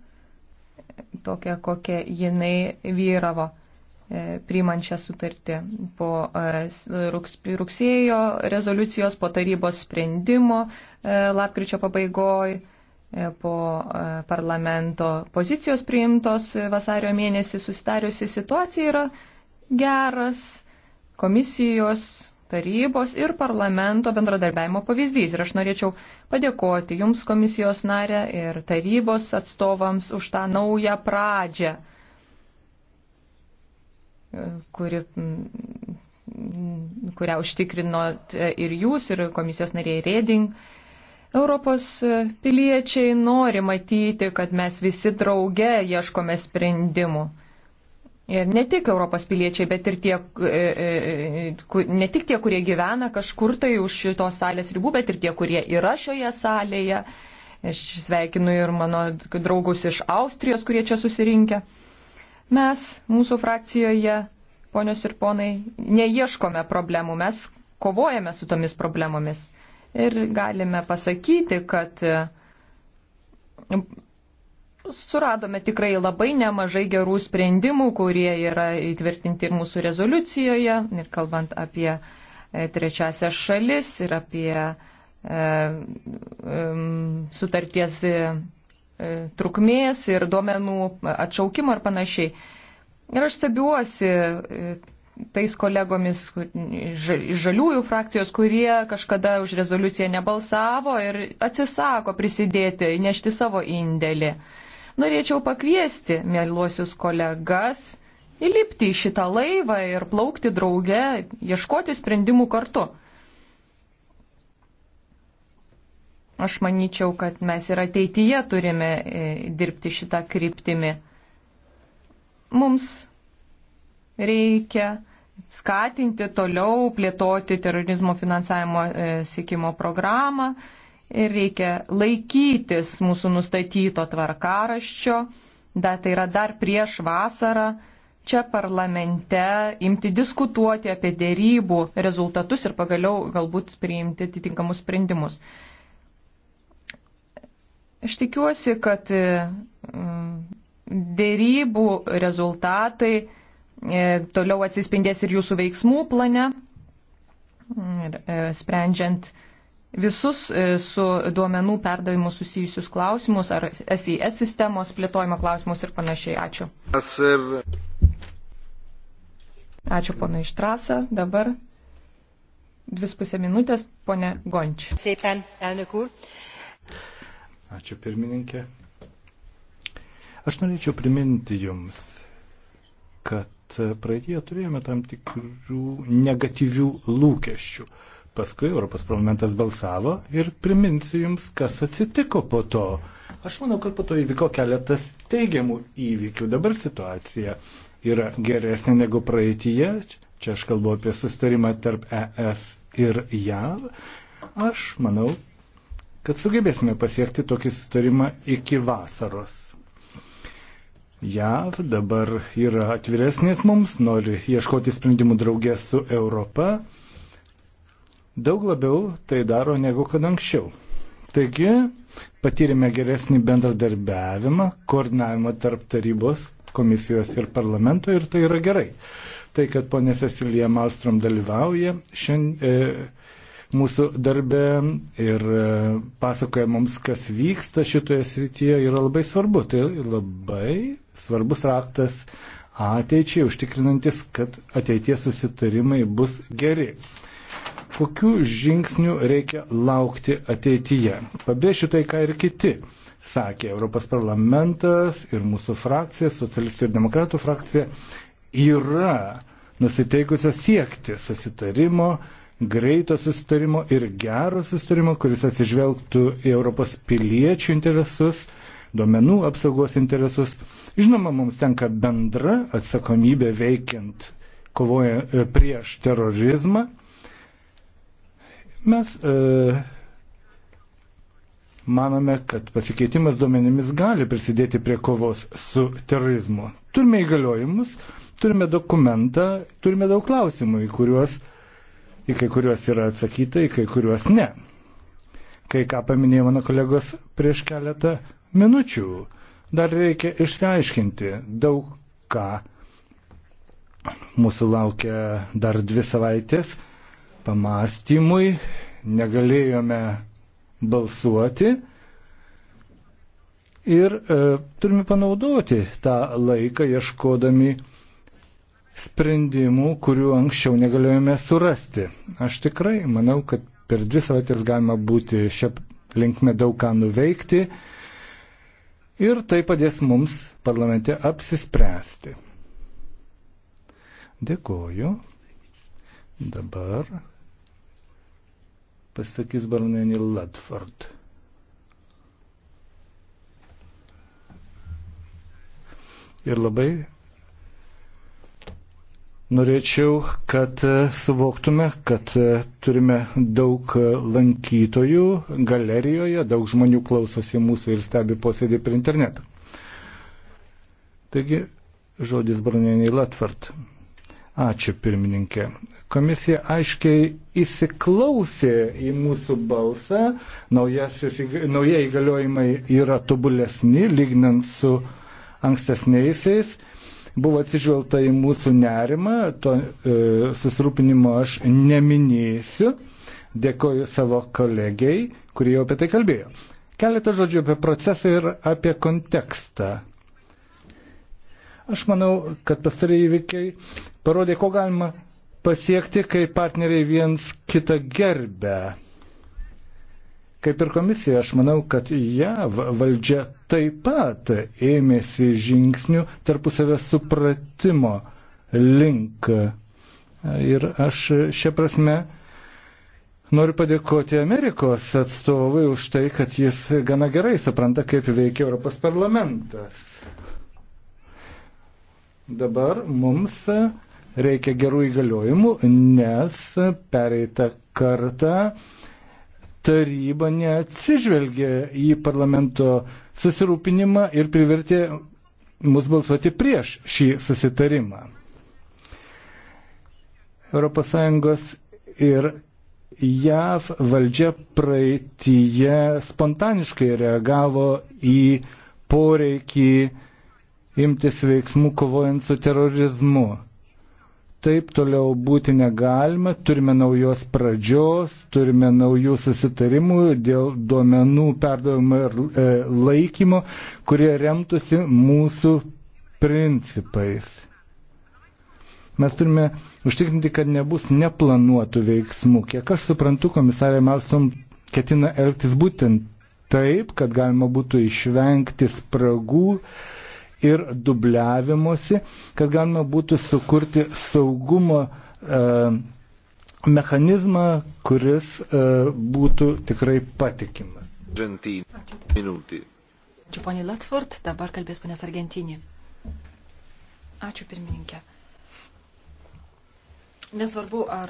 tokia, kokia jinai vyravo e, priimant šią sutartį po e, rugsėjo rezoliucijos, po tarybos sprendimo e, lapkričio pabaigoj, po parlamento pozicijos priimtos vasario mėnesį susidariusi situacija yra geras komisijos tarybos ir parlamento bendradarbiavimo pavyzdys. Ir aš norėčiau padėkoti Jums komisijos narė ir tarybos atstovams už tą naują pradžią, kuri, kurią užtikrinot ir Jūs, ir komisijos nariai Reding. Europos piliečiai nori matyti, kad mes visi drauge ieškome sprendimų. Ir ne tik Europos piliečiai, bet ir tie, e, e, ne tik tie, kurie gyvena kažkur tai už šitos salės ribų, bet ir tie, kurie yra šioje salėje. Aš sveikinu ir mano draugus iš Austrijos, kurie čia susirinkę. Mes mūsų frakcijoje, ponios ir ponai, neieškome problemų, mes kovojame su tomis problemomis. Ir galime pasakyti, kad suradome tikrai labai nemažai gerų sprendimų, kurie yra įtvirtinti mūsų rezoliucijoje ir kalbant apie e, trečiasią šalis ir apie e, e, sutarties e, trukmės ir duomenų atšaukimą ir panašiai. Ir aš stebiuosi e, tais kolegomis žaliųjų frakcijos, kurie kažkada už rezoliuciją nebalsavo ir atsisako prisidėti, nešti savo indėlį. E, Norėčiau pakviesti, mėluosius kolegas, įlipti į šitą laivą ir plaukti drauge, ieškoti sprendimų kartu. Aš manyčiau, kad mes ir ateityje turime e, dirbti šitą kryptimį. Mums reikia skatinti toliau plėtoti terorizmo finansavimo e, sėkimo programą, ir reikia laikytis mūsų nustatyto tvarkaraščio, da, tai yra dar prieš vasarą čia parlamente imti diskutuoti apie dėrybų rezultatus ir pagaliau galbūt priimti atitinkamus sprendimus. Aš tikiuosi, kad mm, dėrybų rezultatai e, toliau atsispindės ir jūsų veiksmų plane, mm, e, sprendžiant visus e, su duomenų perdavimu susijusius klausimus ar SIS sistemos plėtojimo klausimus ir panašiai. Ačiū. Ačiū ponai Štrasa. Dabar dvi pusė minutės, ponė Gonč. Ačiū pirmininkė. Aš norėčiau priminti jums, kad praeitie turėjome tam tikrų negatyvių lūkesčių Paskui Europos parlamentas balsavo ir priminsiu jums, kas atsitiko po to. Aš manau, kad po to įvyko keletas teigiamų įvykių. Dabar situacija yra geresnė negu praeitie. Čia aš kalbu apie sustarimą tarp ES ir JAV. Aš manau, kad sugebėsime pasiekti tokį sustarimą iki vasaros. JAV dabar yra atviresnės mums, nori ieškoti sprendimų draugės su Europa daug labiau tai daro negu kad anksčiau. Taigi patyrėme geresnį bendradarbiavimą, koordinavimą tarp tarybos, komisijos ir parlamento ir tai yra gerai. Tai, kad ponė Cecilija Malstrom dalyvauja šiandien. E, mūsų darbe ir e, pasakoja mums, kas vyksta šitoje srityje, yra labai svarbu. Tai labai svarbus raktas ateičiai, užtikrinantis, kad ateities susitarimai bus geri kokių žingsnių reikia laukti ateityje. Pabrėšiu tai, ką ir kiti sakė. Europos parlamentas ir mūsų frakcija, socialistų ir demokratų frakcija, yra nusiteikusios siekti susitarimo, greito susitarimo ir gero susitarimo, kuris atsižvelgtų į Europos piliečių interesus, duomenų apsaugos interesus. Žinoma, mums tenka bendra atsakomybė veikiant kovoja e, prieš terorizmą Mes e, manome, kad pasikeitimas duomenimis gali prisidėti prie kovos su terorizmu. Turime įgaliojimus, turime dokumentą, turime daug klausimų, į, kuriuos, į kai kuriuos yra atsakyta, į kai kuriuos ne. Kai ką paminėjo mano kolegos prieš keletą minučių, dar reikia išsiaiškinti daug ką. Mūsų laukia dar dvi savaitės pamastymui, negalėjome balsuoti ir e, turime panaudoti tą laiką ieškodami sprendimų, kurių anksčiau negalėjome surasti. Aš tikrai manau, kad per dvi savaitės galima būti šią linkme daug ką nuveikti ir tai padės mums parlamente apsispręsti. Dėkoju. Dabar pasakys baronienė Latford. Ir labai norėčiau, kad e, suvoktume, kad e, turime daug e, lankytojų galerijoje, daug žmonių klausosi mūsų ir stebi posėdį per internetą. Taigi, žodis baronieniai Latvart. Ačiū pirmininkė. Komisija aiškiai įsiklausė į mūsų balsą, Naujasis, nauja įgaliojimai yra tobulesni, lygnant su ankstesniaisiais buvo atsižvelgta į mūsų nerimą, to e, susirūpinimo aš neminėsiu. Dėkoju savo kolegiai, kurie jau apie tai kalbėjo. Keletą žodžių apie procesą ir apie kontekstą. Aš manau, kad pastarėjai įvykiai parodė, ko galima pasiekti, kai partneriai viens kitą gerbę. Kaip ir komisija, aš manau, kad JAV valdžia taip pat ėmėsi žingsnių tarpusavę supratimo link. Ir aš šia prasme noriu padėkoti Amerikos atstovui už tai, kad jis gana gerai supranta, kaip veikia Europos parlamentas. Dabar mums reikia gerų įgaliojimų, nes pereitą kartą taryba neatsižvelgė į parlamento susirūpinimą ir privertė mus balsuoti prieš šį susitarimą. ES ir JAV valdžia praeitįje spontaniškai reagavo į poreikį imtis veiksmų kovojant su terorizmu. Taip toliau būti negalima, turime naujos pradžios, turime naujų susitarimų dėl duomenų perdavimo ir e, laikymo, kurie remtųsi mūsų principais. Mes turime užtikrinti, kad nebus neplanuotų veiksmų. Kiek aš suprantu, komisarė Malsom ketina elgtis būtent taip, kad galima būtų išvengti spragų, e, ir dubliavimuose, kad galima būtų sukurti saugumo e, mechanizmą, kuris e, būtų tikrai patikimas. Ačiū poniai Latford, dabar kalbės ponės Argentinį. Ačiū pirmininkė. Nesvarbu, ar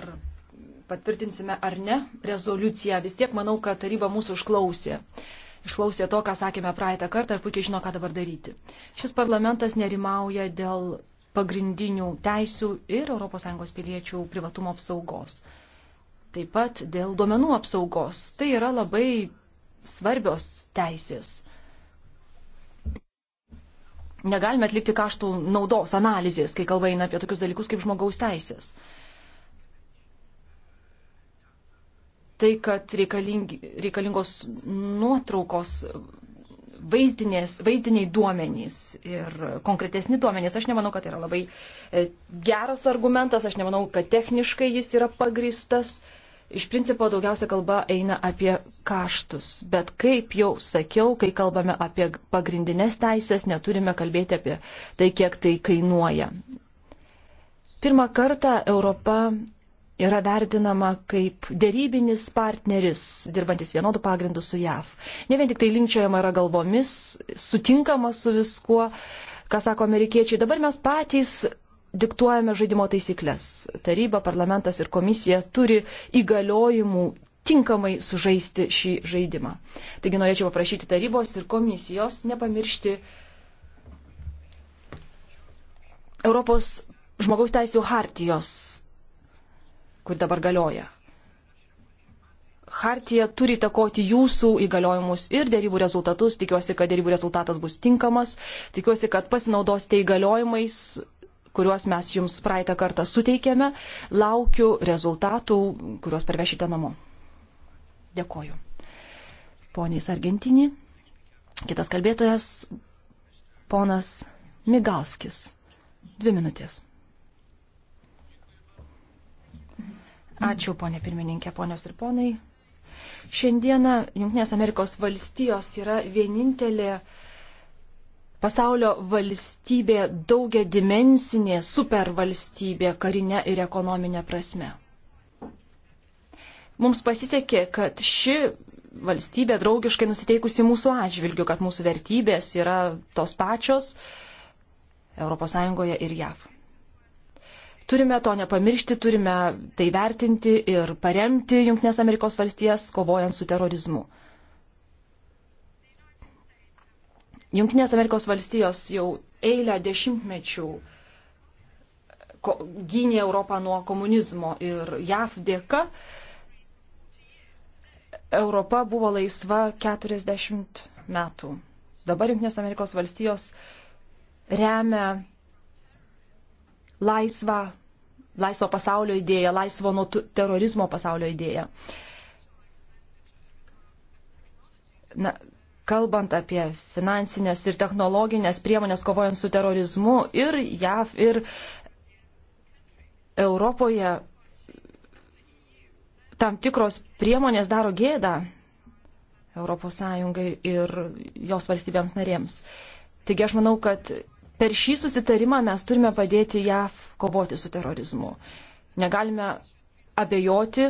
patvirtinsime ar ne rezoliuciją, vis tiek manau, kad taryba mūsų užklausė išklausė to, ką sakėme praeitą kartą ir puikiai žino, ką dabar daryti. Šis parlamentas nerimauja dėl pagrindinių teisių ir ES piliečių privatumo apsaugos. Taip pat dėl duomenų apsaugos. Tai yra labai svarbios teisės. Negalime atlikti kaštų naudos analizės, kai kalba eina apie tokius dalykus kaip žmogaus teisės. tai, kad reikalingos nuotraukos vaizdinės, vaizdiniai duomenys ir konkretesni duomenys. Aš nemanau, kad tai yra labai e, geras argumentas, aš nemanau, kad techniškai jis yra pagristas. Iš principo daugiausia kalba eina apie kaštus, bet kaip jau sakiau, kai kalbame apie pagrindinės teisės, neturime kalbėti apie tai, kiek tai kainuoja. Pirmą kartą Europa yra vertinama kaip dėrybinis partneris, dirbantis vienodų pagrindų su JAV. Ne vien tik tai linkčiojama yra galvomis, sutinkama su viskuo, ką sako amerikiečiai. Dabar mes patys diktuojame žaidimo taisyklės. Taryba, parlamentas ir komisija turi įgaliojimų tinkamai sužaisti šį žaidimą. Taigi norėčiau paprašyti tarybos ir komisijos nepamiršti Europos žmogaus teisų hartijos kur dabar galioja. Hartija turi takoti jūsų įgaliojimus ir dėrybų rezultatus. Tikiuosi, kad dėrybų rezultatas bus tinkamas. Tikiuosi, kad pasinaudosite įgaliojimais, kuriuos mes jums praeitą kartą suteikėme. Laukiu rezultatų, kuriuos parvešite namo. Dėkoju. Ponys Argentinį. Kitas kalbėtojas, ponas Migalskis. Dvi minutės. Ačiū, ponė pirmininkė, ponios ir ponai. Šiandieną Junktinės Amerikos valstijos yra vienintelė pasaulio valstybė daugia dimensinė supervalstybė karinė ir ekonominė prasme. Mums pasisekė, kad ši valstybė draugiškai nusiteikusi mūsų atžvilgiu, kad mūsų vertybės yra tos pačios ES ir JAV. Turime to nepamiršti, turime tai vertinti ir paremti Junktinės Amerikos valstijas, kovojant su terorizmu. Junktinės Amerikos valstijos jau eilę dešimtmečių gynė Europą nuo komunizmo ir JAV dėka Europa buvo laisva 40 metų. Dabar Junktinės Amerikos valstijos remia laisvą laisvo pasaulio idėją, laisvo nuo terorizmo pasaulio idėją. Na, kalbant apie finansinės ir technologinės priemonės kovojant su terorizmu ir JAV, ir Europoje tam tikros priemonės daro gėdą Europos Sąjungai ir jos valstybėms narėms. Taigi aš manau, kad per šį susitarimą mes turime padėti JAV kovoti su terorizmu. Negalime abejoti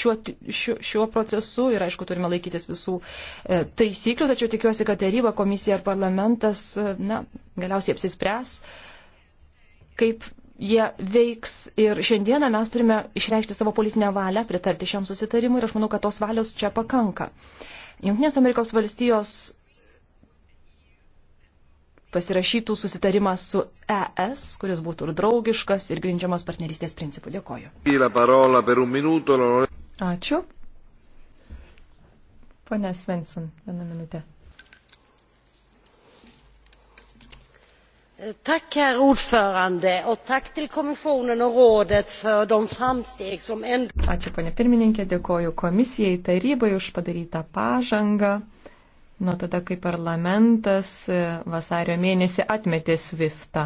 šiuo, šiuo, šiuo procesu ir, aišku, turime laikytis visų e, taisyklių, tačiau tikiuosi, kad taryba, komisija ir parlamentas, e, na, galiausiai apsispręs, kaip jie veiks. Ir šiandieną mes turime išreikšti savo politinę valią, pritarti šiam susitarimui ir aš manau, kad tos valios čia pakanka. Junktinės Amerikos valstijos pasirašytų susitarimą su ES, kuris būtų ir draugiškas, ir grindžiamas partnerystės principų. Dėkoju. Ačiū. Pane Svensson, vieną minutę. Eh, tack herr ordförande och tack till kommissionen och rådet för de framsteg som ändå... Ačiū, ponė pirmininkė, dėkoju komisijai, tarybai už padarytą pažangą nuo tada, kai parlamentas e, vasario mėnesį atmetė SWIFTą.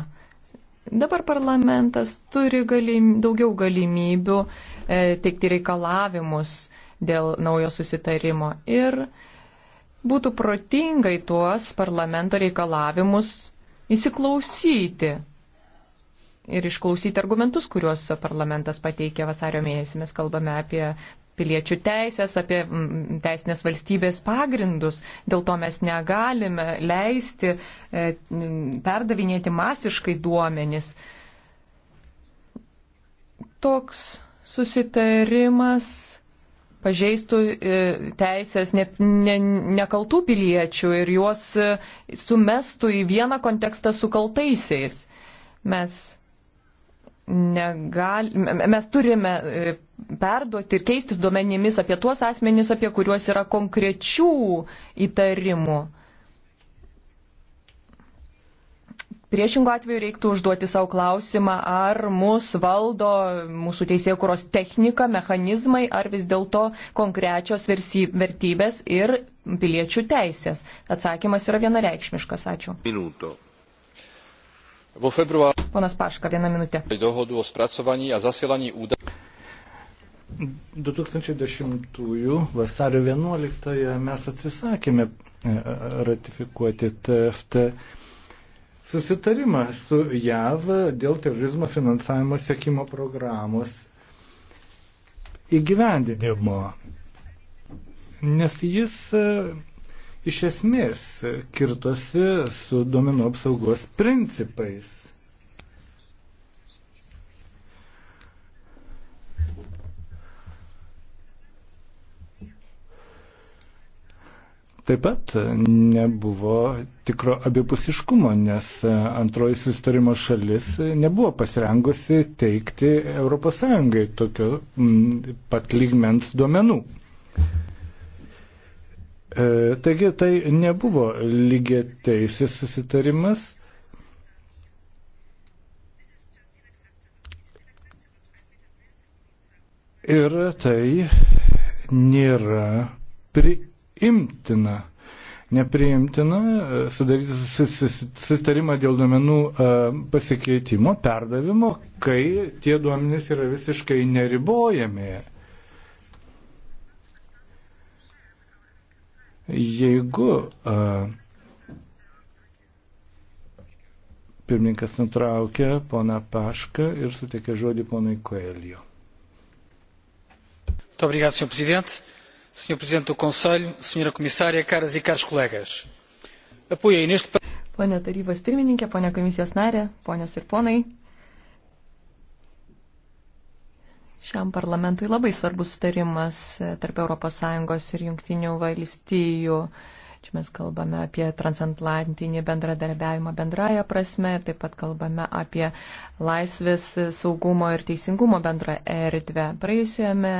Dabar parlamentas turi galim, daugiau galimybių e, teikti reikalavimus dėl naujo susitarimo ir būtų protingai tuos parlamento reikalavimus įsiklausyti ir išklausyti argumentus, kuriuos parlamentas pateikė vasario mėnesį. Mes kalbame apie piliečių teisės, apie mm, teisinės valstybės pagrindus. Dėl to mes negalime leisti e, perdavinėti masiškai duomenis. Toks susitarimas pažeistų e, teisės ne, ne, nekaltų piliečių ir juos e, sumestų į vieną kontekstą su kaltaisiais. Mes negal, mes turime e, perduoti ir keistis duomenimis apie tuos asmenys, apie kuriuos yra konkrečių įtarimų. Priešingų atveju reiktų užduoti savo klausimą, ar mus valdo mūsų teisėkuros technika, mechanizmai, ar vis dėlto konkrečios vertybės ir piliečių teisės. Atsakymas yra vienareikšmiškas. Ačiū. Minuto vo februári dohodu o spracovaní a zasielaní údajov. 2010 vasario 11 mes atsisakėme e, ratifikuoti TFT susitarimą su JAV dėl terorizmo finansavimo sėkimo programos įgyvendinimo, nes jis e, iš esmės kirtosi su duomenų apsaugos principais. Taip pat nebuvo tikro abipusiškumo, nes antroji sustarimo šalis nebuvo pasirengusi teikti ES tokio mm, pat lygmens duomenų. E, taigi tai nebuvo lygiai teisės susitarimas. Ir tai nėra priimtina. Nepriimtina e, sudaryti susitarimą dėl duomenų e, pasikeitimo, perdavimo, kai tie duomenys yra visiškai neribojami. Jeigu uh, pirmininkas nutraukė poną Pašką ir suteikė žodį ponui Koelio. Muito obrigado, Sr. Presidente. Sr. Presidente do Conselho, Sra. Comissária, caras e caros colegas. Apoiei neste. Pone tarybos pirmininkė, pone komisijos narė, ponios ir ponai. Šiam parlamentui labai svarbus sutarimas e, tarp ES ir jungtinių valstijų. Čia mes kalbame apie transatlantinį bendradarbiavimą bendraja prasme, taip pat kalbame apie laisvės, e, saugumo ir teisingumo bendrą erdvę. Praėjusiojame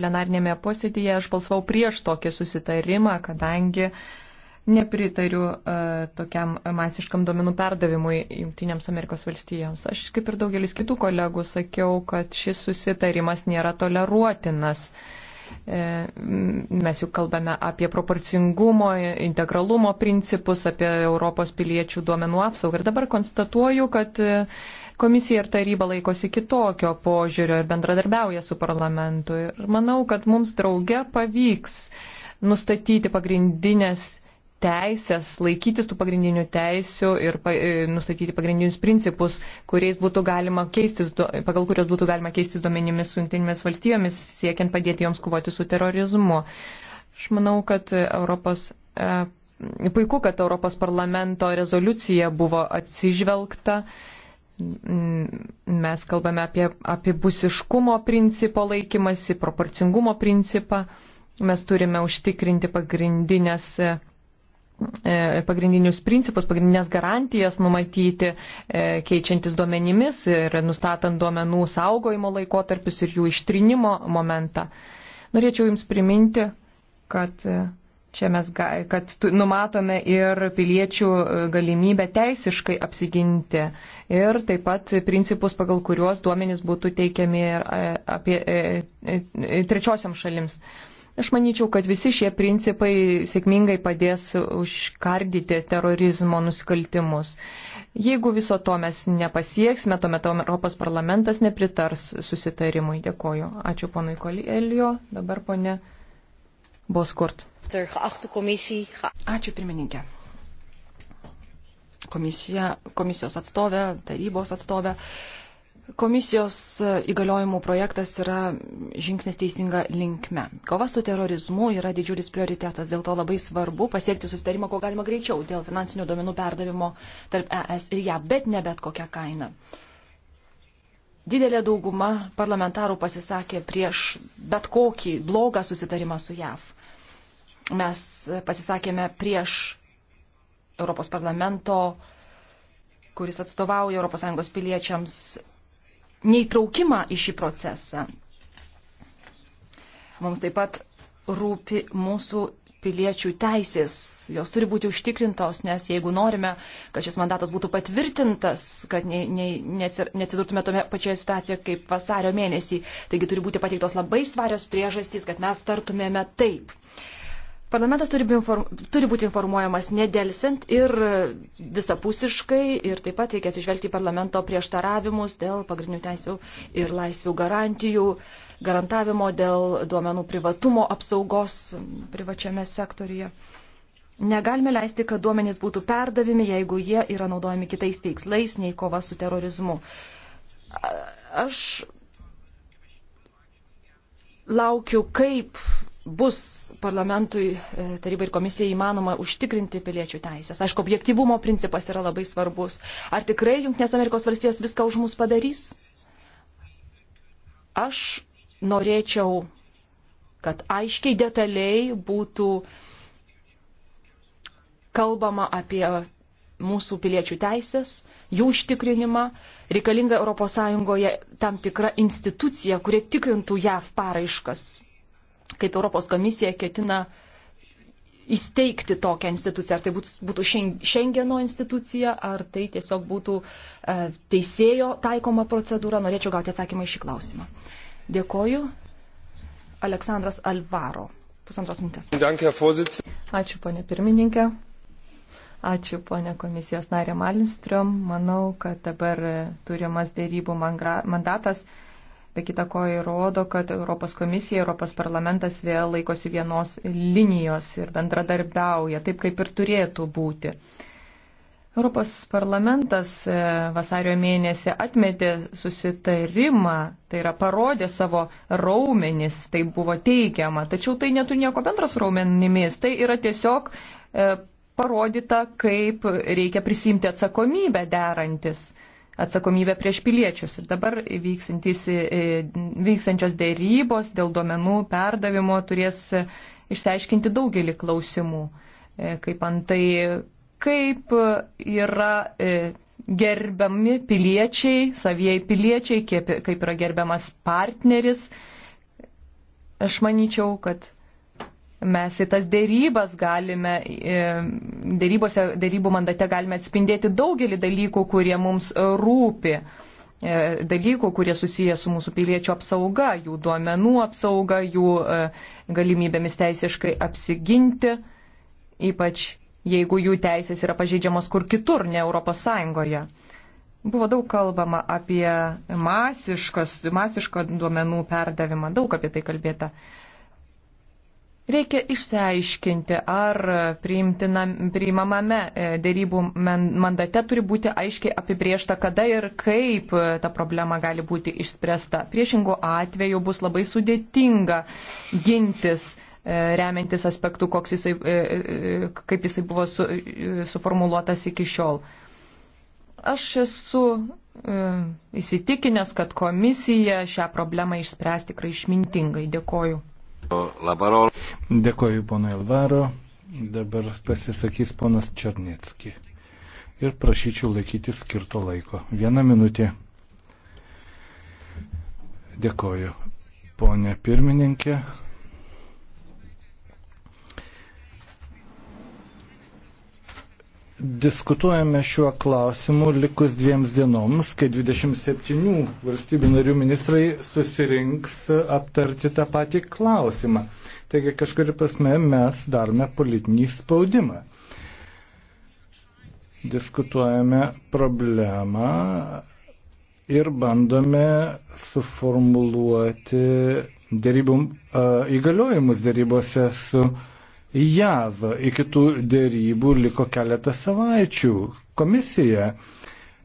plenarnėme posėdėje aš balsavau prieš tokį susitarimą, kadangi uh, nepritariu uh, tokiam masiškam duomenų perdavimui Junktinėms Amerikos valstijoms. Aš kaip ir daugelis kitų kolegų sakiau, kad šis susitarimas nėra toleruotinas. E, mes jau kalbame apie proporcingumo, integralumo principus, apie Europos piliečių duomenų apsaugą. Ir dabar konstatuoju, kad e, komisija ir taryba laikosi kitokio požiūrio ir bendradarbiauja su parlamentu. Ir manau, kad mums drauge pavyks nustatyti pagrindinės teisės, laikytis tų pagrindinių teisių ir pa, e, nustatyti pagrindinius principus, kuriais būtų galima keistis, pagal kurios būtų galima keistis duomenimis su jungtinėmis valstybėmis, siekiant padėti joms kovoti su terorizmu. Aš manau, kad Europos. E, puiku, kad Europos parlamento rezoliucija buvo atsižvelgta mes kalbame apie apibusiškumo principo laikymasi, proporcingumo principą. Mes turime užtikrinti pagrindinės E, pagrindinius principus, pagrindinės garantijas numatyti, e, keičiantis duomenimis ir nustatant duomenų saugojimo laikotarpius ir jų ištrinimo momentą. Norėčiau Jums priminti, kad e, čia mes kad numatome ir piliečių galimybę teisiškai apsiginti ir taip pat principus, pagal kuriuos duomenys būtų teikiami apie trečiosiam šalims. Aš manyčiau, kad visi šie principai sėkmingai padės užkardyti terorizmo nusikaltimus. Jeigu viso to mes nepasieksime, tuomet Europos parlamentas nepritars susitarimui. Dėkoju. Ačiū ponui Kolielio. Dabar ponė Boskurt. Ačiū pirmininkė. Komisija, komisijos atstovė, tarybos atstovė. Uh, Komisijos e, įgaliojimų projektas yra žingsnis teisinga linkme. Kova su terorizmu yra didžiulis prioritetas, dėl to labai svarbu pasiekti susitarimą, ko galima greičiau, dėl finansinių duomenų perdavimo tarp ES ir ją, bet ne bet kokią kainą. Didelė dauguma parlamentarų pasisakė prieš bet kokį blogą susitarimą su JAV. Mes pasisakėme prieš Europos parlamento kuris atstovauja ES piliečiams neįtraukimą į šį procesą. Mums taip pat rūpi mūsų piliečių teisės. Jos turi būti užtikrintos, nes jeigu norime, kad šis mandatas būtų patvirtintas, kad ne, ne, neatsidurtume tome pačioje situacijoje kaip vasario mėnesį, taigi turi būti pateiktos labai svarios priežastys, kad mes tartumėme taip. Parlamentas turi, inform, turi būti informuojamas nedelsint ir visapusiškai ir taip pat reikia atsižvelgti į parlamento prieštaravimus dėl pagrindinių teisų ir laisvių garantijų, garantavimo dėl duomenų privatumo apsaugos privačiame sektoriuje. Negalime leisti, kad duomenys būtų perdavimi, jeigu jie yra naudojami kitais tikslais nei kova su terorizmu. Aš laukiu, kaip bus parlamentui, e, tarybai ir komisijai įmanoma užtikrinti piliečių teisės. Aišku, objektivumo principas yra labai svarbus. Ar tikrai Junktinės Amerikos valstijos viską už mus padarys? Aš norėčiau, kad aiškiai detaliai būtų kalbama apie mūsų piliečių teisės, jų užtikrinimą, reikalinga ES tam tikra institucija, kurie tikrintų JAV paraiškas kaip Europos komisija ketina įsteigti tokią instituciją. Ar tai būtų Šengeno institucija, ar tai tiesiog būtų e, teisėjo taikoma procedūra. Norėčiau gauti atsakymą į šį klausimą. Dėkoju. Aleksandras Alvaro. Pusantros minutės. Ačiū, ponė pirmininkė. Ačiū, ponė komisijos narė Malinstrom. Manau, kad dabar turimas dėrybų mandatas Be kita ko įrodo, kad Europos komisija, Europos parlamentas vėl laikosi vienos linijos ir bendradarbiauja, taip kaip ir turėtų būti. Europos parlamentas e, vasario mėnesį atmetė susitarimą, tai yra parodė savo raumenis, tai buvo teigiama, tačiau tai neturi nieko bendros raumenimis, tai yra tiesiog e, parodyta, kaip reikia prisimti atsakomybę derantis atsakomybę prieš piliečius. Ir dabar vyksančios e, dėrybos dėl duomenų perdavimo turės e, išsiaiškinti daugelį klausimų, e, kaip antai, kaip yra gerbiami piliečiai, savieji piliečiai, kaip yra gerbiamas partneris. Aš manyčiau, kad mes į tas dėrybas galime, e, dėrybose, dėrybų mandate galime atspindėti daugelį dalykų, kurie mums rūpi, e, dalykų, kurie susiję su mūsų piliečių apsauga, jų duomenų apsauga, jų e, galimybėmis teisiškai apsiginti, ypač jeigu jų teisės yra pažeidžiamos kur kitur, ne Europos Sąjungoje. Buvo daug kalbama apie masiškas, masišką duomenų perdavimą, daug apie tai kalbėta. Uh, Reikia išsiaiškinti, ar priimamame e, dėrybų mandate turi būti aiškiai apibriešta, kada ir kaip e, ta problema gali būti išspręsta. Priešingų atveju bus labai sudėtinga gintis e, remiantis aspektų, jisai, kaip jisai buvo su, suformuoluotas iki šiol. Aš esu įsitikinęs, kad komisija šią problemą išspręs tikrai išmintingai. Dėkoju. Dėkoju ponui Alvaro. Dabar pasisakys ponas Černetski. Ir prašyčiau laikyti skirto laiko. Vieną minutę. Dėkoju. Pone pirmininkė, diskutuojame šiuo klausimu likus dviems dienoms, kai 27 valstybių narių ministrai susirinks aptarti tą patį klausimą. Taigi kažkuri prasme mes darome politinį spaudimą. Diskutuojame problemą ir bandome suformuluoti dėrybų, įgaliojimus dėrybose su uh, JAV. Iki tų dėrybų liko keletą savaičių. Komisija,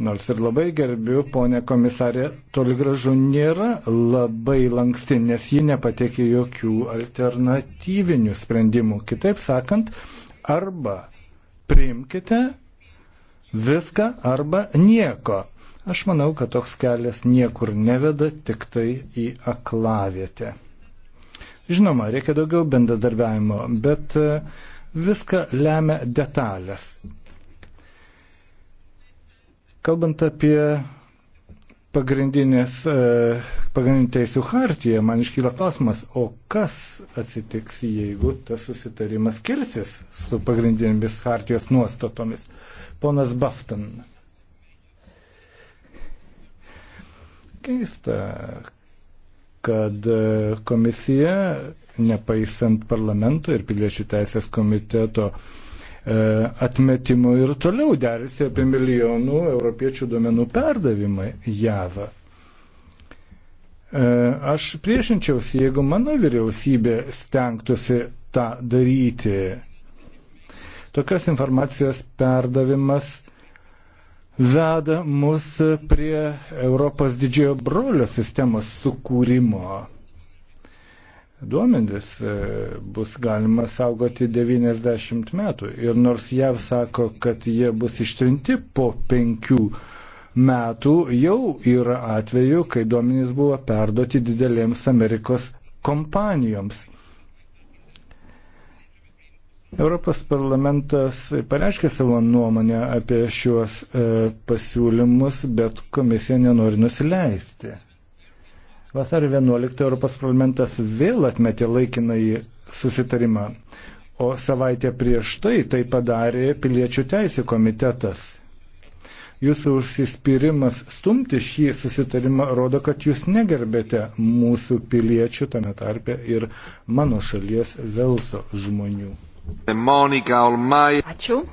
nors ir labai gerbiu, ponė komisarė, toli gražu nėra labai lanksti, nes ji nepatekė jokių alternatyvinių sprendimų. Kitaip sakant, arba priimkite viską arba nieko. Aš manau, kad toks kelias niekur neveda, tik tai į aklavietę. Žinoma, reikia daugiau bendradarbiavimo, bet e, viską lemia detalės. Kalbant apie pagrindinės, e, pagrindinį teisų hartiją, man iškyla klausimas, o kas atsitiks, jeigu tas susitarimas kirsis su pagrindinėmis hartijos nuostatomis? Ponas Bafton. Keista, kad e, komisija, nepaisant parlamento ir piliečių teisės komiteto e, atmetimo ir toliau derisi apie milijonų europiečių duomenų perdavimą JAV. E, aš priešinčiausi, jeigu mano vyriausybė stengtųsi tą daryti. Tokios informacijos perdavimas veda mus prie Europos didžiojo brolio sistemos sukūrimo. Duomenis e, bus galima saugoti 90 metų ir nors JAV sako, kad jie bus ištrinti po penkių metų, jau yra atveju, kai duomenys buvo perduoti didelėms Amerikos kompanijoms. Europos parlamentas pareiškė savo nuomonę apie šiuos e, pasiūlymus, bet komisija nenori nusileisti. Vasario 11 Europos parlamentas vėl atmetė laikinai susitarimą, o savaitę prieš tai tai padarė piliečių teisė komitetas. Jūsų užsispyrimas stumti šį susitarimą rodo, kad jūs negerbėte mūsų piliečių, tame tarpe ir mano šalies Velso žmonių. Monika Olmai. Ačiū.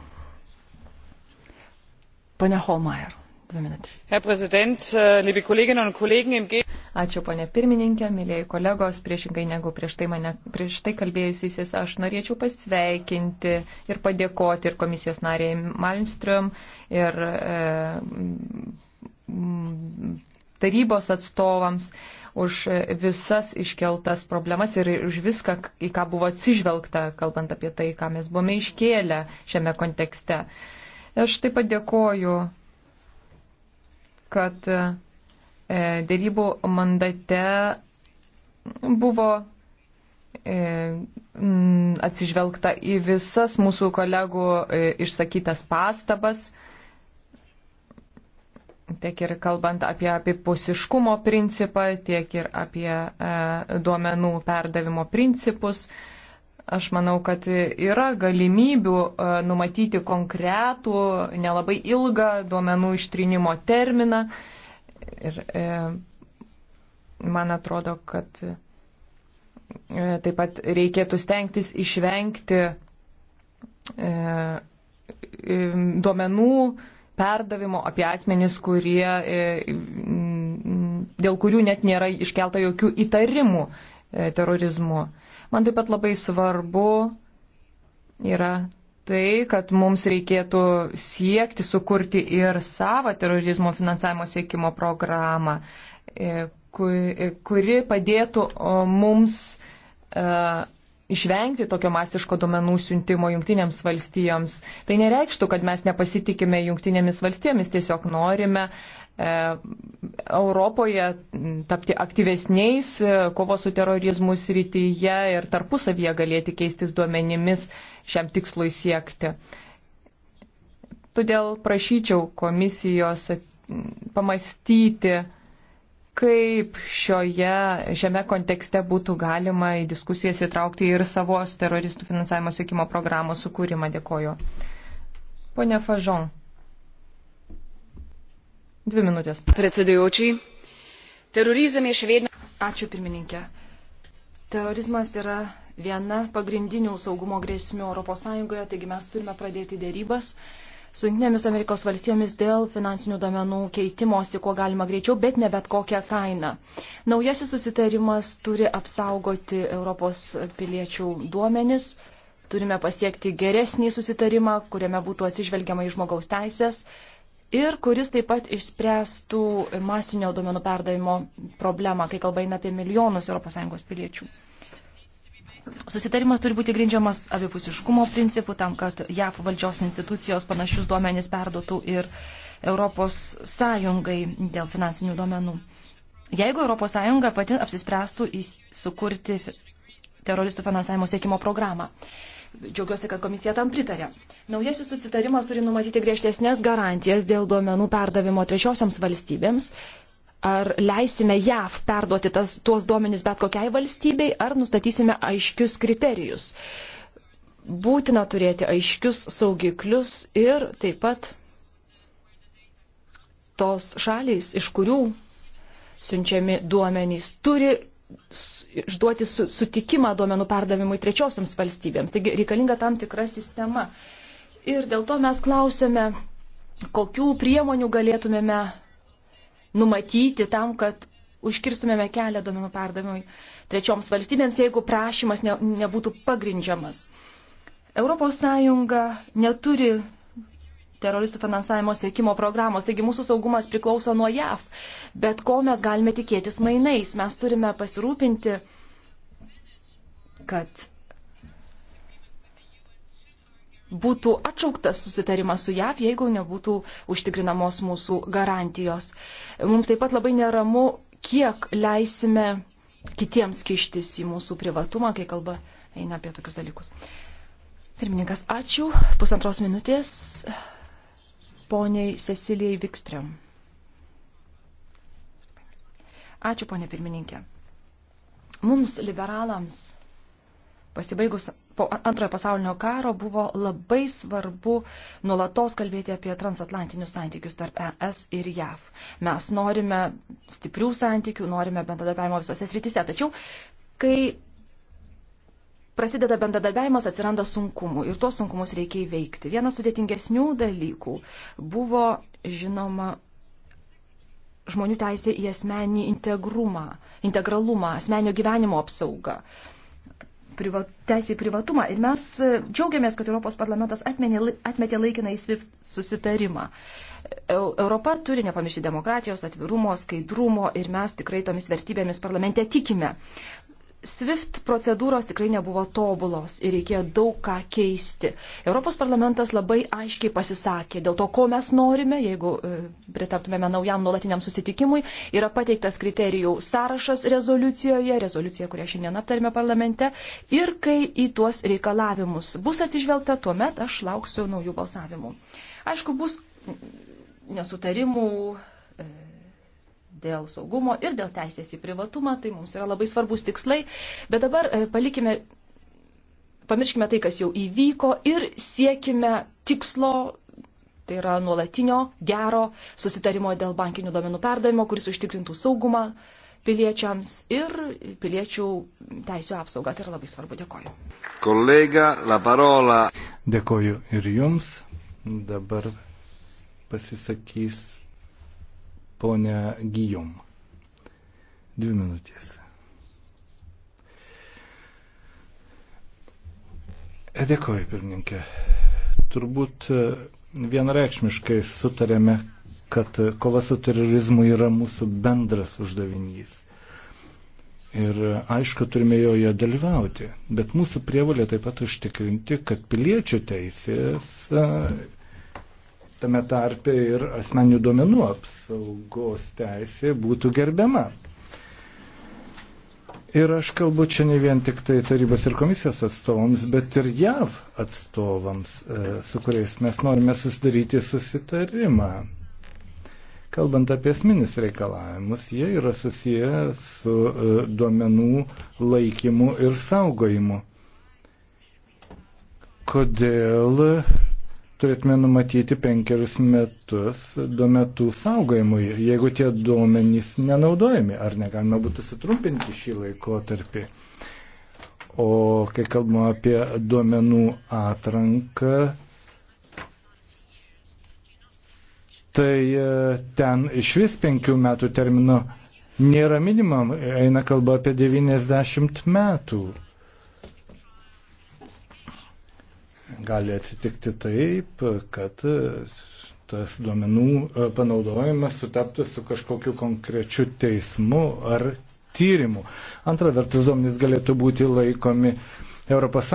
Pane Holmaier, dvi minutės. Herr Präsident, äh, liebe Kolleginnen und Kollegen, im G. Ačiū, ponė pirmininkė, mėlyjei kolegos, priešingai negu prieš tai, mane, prieš tai kalbėjusysis, aš norėčiau pasveikinti ir padėkoti ir komisijos nariai Malmström ir e, tarybos atstovams. E, už visas iškeltas problemas ir už viską, į ką buvo atsižvelgta, kalbant apie tai, ką mes buvome iškėlę šiame kontekste. Aš taip pat dėkoju, kad e, dėrybų mandate buvo e, atsižvelgta į visas mūsų kolegų e, išsakytas pastabas tiek ir kalbant apie apipusiškumo principą, tiek ir apie e, duomenų perdavimo principus. Aš manau, kad yra galimybių e, numatyti konkretų, nelabai ilgą duomenų ištrinimo terminą. Ir e, man atrodo, kad e, taip pat reikėtų stengtis išvengti e, e duomenų e, perdavimo, apie asmenis, kurie, e, dėl kurių net nėra iškelta jokių įtarimų e, terorizmu. Man taip pat labai svarbu yra tai, kad mums reikėtų siekti sukurti ir savo terorizmo finansavimo siekimo programą, e, kuri padėtų mums išvengti tokio masiško duomenų siuntimo jungtinėms valstijoms. Tai nereikštų, kad mes nepasitikime jungtinėmis valstijomis, tiesiog norime e, Europoje tapti aktyvesniais e, kovo su terorizmu srityje ir tarpusavyje galėti keistis duomenimis šiam tikslui siekti. Todėl prašyčiau komisijos pamastyti, kaip šioje, šiame kontekste būtų galima į diskusijas įtraukti ir savos teroristų finansavimo sėkimo programos sukūrimą. Dėkoju. Pone Fažon. Dvi minutės. Precedijaučiai. Terorizm iš vedno. Ačiū pirmininkė. Terorizmas yra viena pagrindinių saugumo grėsmių ES, taigi mes turime pradėti dėrybas su Junktinėmis Amerikos valstijomis dėl finansinių domenų keitimosi, kuo galima greičiau, bet ne bet kokią kainą. Naujasis susitarimas turi apsaugoti Europos piliečių duomenis. Turime pasiekti geresnį susitarimą, kuriame būtų atsižvelgiama į žmogaus teisės ir kuris taip pat išspręstų masinio duomenų perdavimo problemą, kai kalba eina apie milijonus ES piliečių. Susitarimas turi būti grindžiamas abipusiškumo principu, tam, kad JAF valdžios institucijos panašius duomenys perduotų ir Europos Sąjungai dėl finansinių duomenų. Jeigu Europos Sąjunga pati apsispręstų sukurti teroristų finansavimo sėkimo programą. Džiaugiuosi, kad komisija tam pritarė. Naujasis susitarimas turi numatyti griežtesnės garantijas dėl duomenų perdavimo trečiosiams valstybėms, ar leisime JAV perduoti tas, tuos duomenys bet kokiai valstybei, ar nustatysime aiškius kriterijus. Būtina turėti aiškius saugiklius ir taip pat tos šalys, iš kurių siunčiami duomenys, turi išduoti sutikimą duomenų perdavimui trečiosiams valstybėms. Taigi reikalinga tam tikra sistema. Ir dėl to mes klausėme, kokių priemonių galėtumėme numatyti tam, kad užkirstumėme kelią duomenų perdavimui trečioms valstybėms, jeigu prašymas ne, nebūtų pagrindžiamas. ES neturi teroristų finansavimo sėkimo programos, taigi mūsų saugumas priklauso nuo JAV, bet ko mes galime tikėtis mainais, mes turime pasirūpinti, kad būtų atšauktas susitarimas su JAV, jeigu nebūtų užtikrinamos mūsų garantijos. Mums taip pat labai neramu, kiek leisime kitiems kištis į mūsų privatumą, kai kalba eina apie tokius dalykus. Pirmininkas, ačiū. Pusantros minutės poniai Cecilijai Vikstrėm. Ačiū, ponė pirmininkė. Mums, liberalams, pasibaigus po antrojo pasaulinio karo buvo labai svarbu nulatos kalbėti apie transatlantinius santykius tarp ES ir JAV. Mes norime stiprių santykių, norime bendradarbiavimo visose srityse, tačiau kai prasideda bendradarbiavimas, atsiranda sunkumų ir tuos sunkumus reikia įveikti. Vienas sudėtingesnių dalykų buvo, žinoma, žmonių teisė į asmenį integrumą, integralumą, asmenio gyvenimo apsaugą. Uh, priva, teisė į privatumą. Ir mes e, džiaugiamės, kad Europos parlamentas atmenė, atmetė laikiną įsvift susitarimą. E, Europa turi nepamiršti demokratijos, atvirumo, skaidrumo ir mes tikrai tomis vertybėmis parlamente tikime. SWIFT procedūros tikrai nebuvo tobulos ir reikėjo daug ką keisti. Europos parlamentas labai aiškiai pasisakė dėl to, ko mes norime, jeigu e, pritartumėme naujam nuolatiniam susitikimui. Yra pateiktas kriterijų sąrašas rezoliucijoje, rezoliucija, kurią šiandien aptarėme parlamente. Ir kai į tuos reikalavimus bus atsižvelgta, tuomet aš lauksiu naujų balsavimų. Aišku, bus nesutarimų dėl saugumo ir dėl teisės į privatumą, tai mums yra labai svarbus tikslai, bet dabar e, palikime, pamirškime tai, kas jau įvyko ir siekime tikslo, tai yra nuolatinio gero susitarimo dėl bankinių domenų perdavimo, kuris užtikrintų saugumą piliečiams ir piliečių teisų apsaugą. Tai yra labai svarbu. Dėkoju. Kolega, la parola. Dėkoju ir jums. Dabar pasisakys ponia Gijom. Dvi minutės. Dėkoju, pirmininkė. Turbūt e, vienareikšmiškai sutarėme, kad kova su terorizmu yra mūsų bendras uždavinys. Ir e, aišku, turime joje dalyvauti, bet mūsų prievalė taip pat užtikrinti, kad piliečių teisės e, tame tarpe ir asmeninių duomenų apsaugos teisė būtų gerbiama. Ir aš kalbu čia ne vien tik tai tarybos ir komisijos atstovams, bet ir JAV atstovams, e, su kuriais mes norime susidaryti susitarimą. Kalbant apie esminis reikalavimus, jie yra susiję su e, duomenų laikymu ir saugojimu. Kodėl turėtume numatyti penkerius metus duometų saugojimui, jeigu tie duomenys nenaudojami, ar negalima būtų sutrumpinti šį laikotarpį. O kai kalbama apie duomenų atranką, tai e, ten iš vis penkių metų termino nėra minimam, eina kalba apie 90 metų. gali atsitikti taip, kad tas duomenų e, panaudojimas sutaptų su kažkokiu konkrečiu teismu ar tyrimu. Antra vertus, duomenys galėtų būti laikomi ES,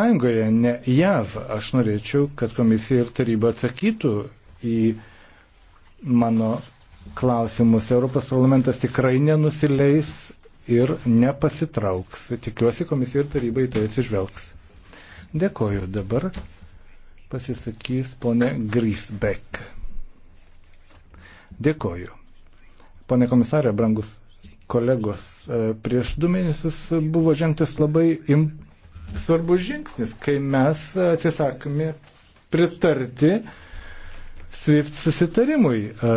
ne JAV. Aš norėčiau, kad komisija ir taryba atsakytų į mano klausimus. Europos parlamentas tikrai nenusileis ir nepasitrauks. Tikiuosi, komisija ir taryba į tai atsižvelgs. Dėkoju dabar pasisakys ponė Grisbek. Dėkoju. Pone komisarė, brangus kolegos, e, prieš du mėnesius buvo žengtas labai im... svarbus žingsnis, kai mes atsisakome pritarti SWIFT susitarimui. E,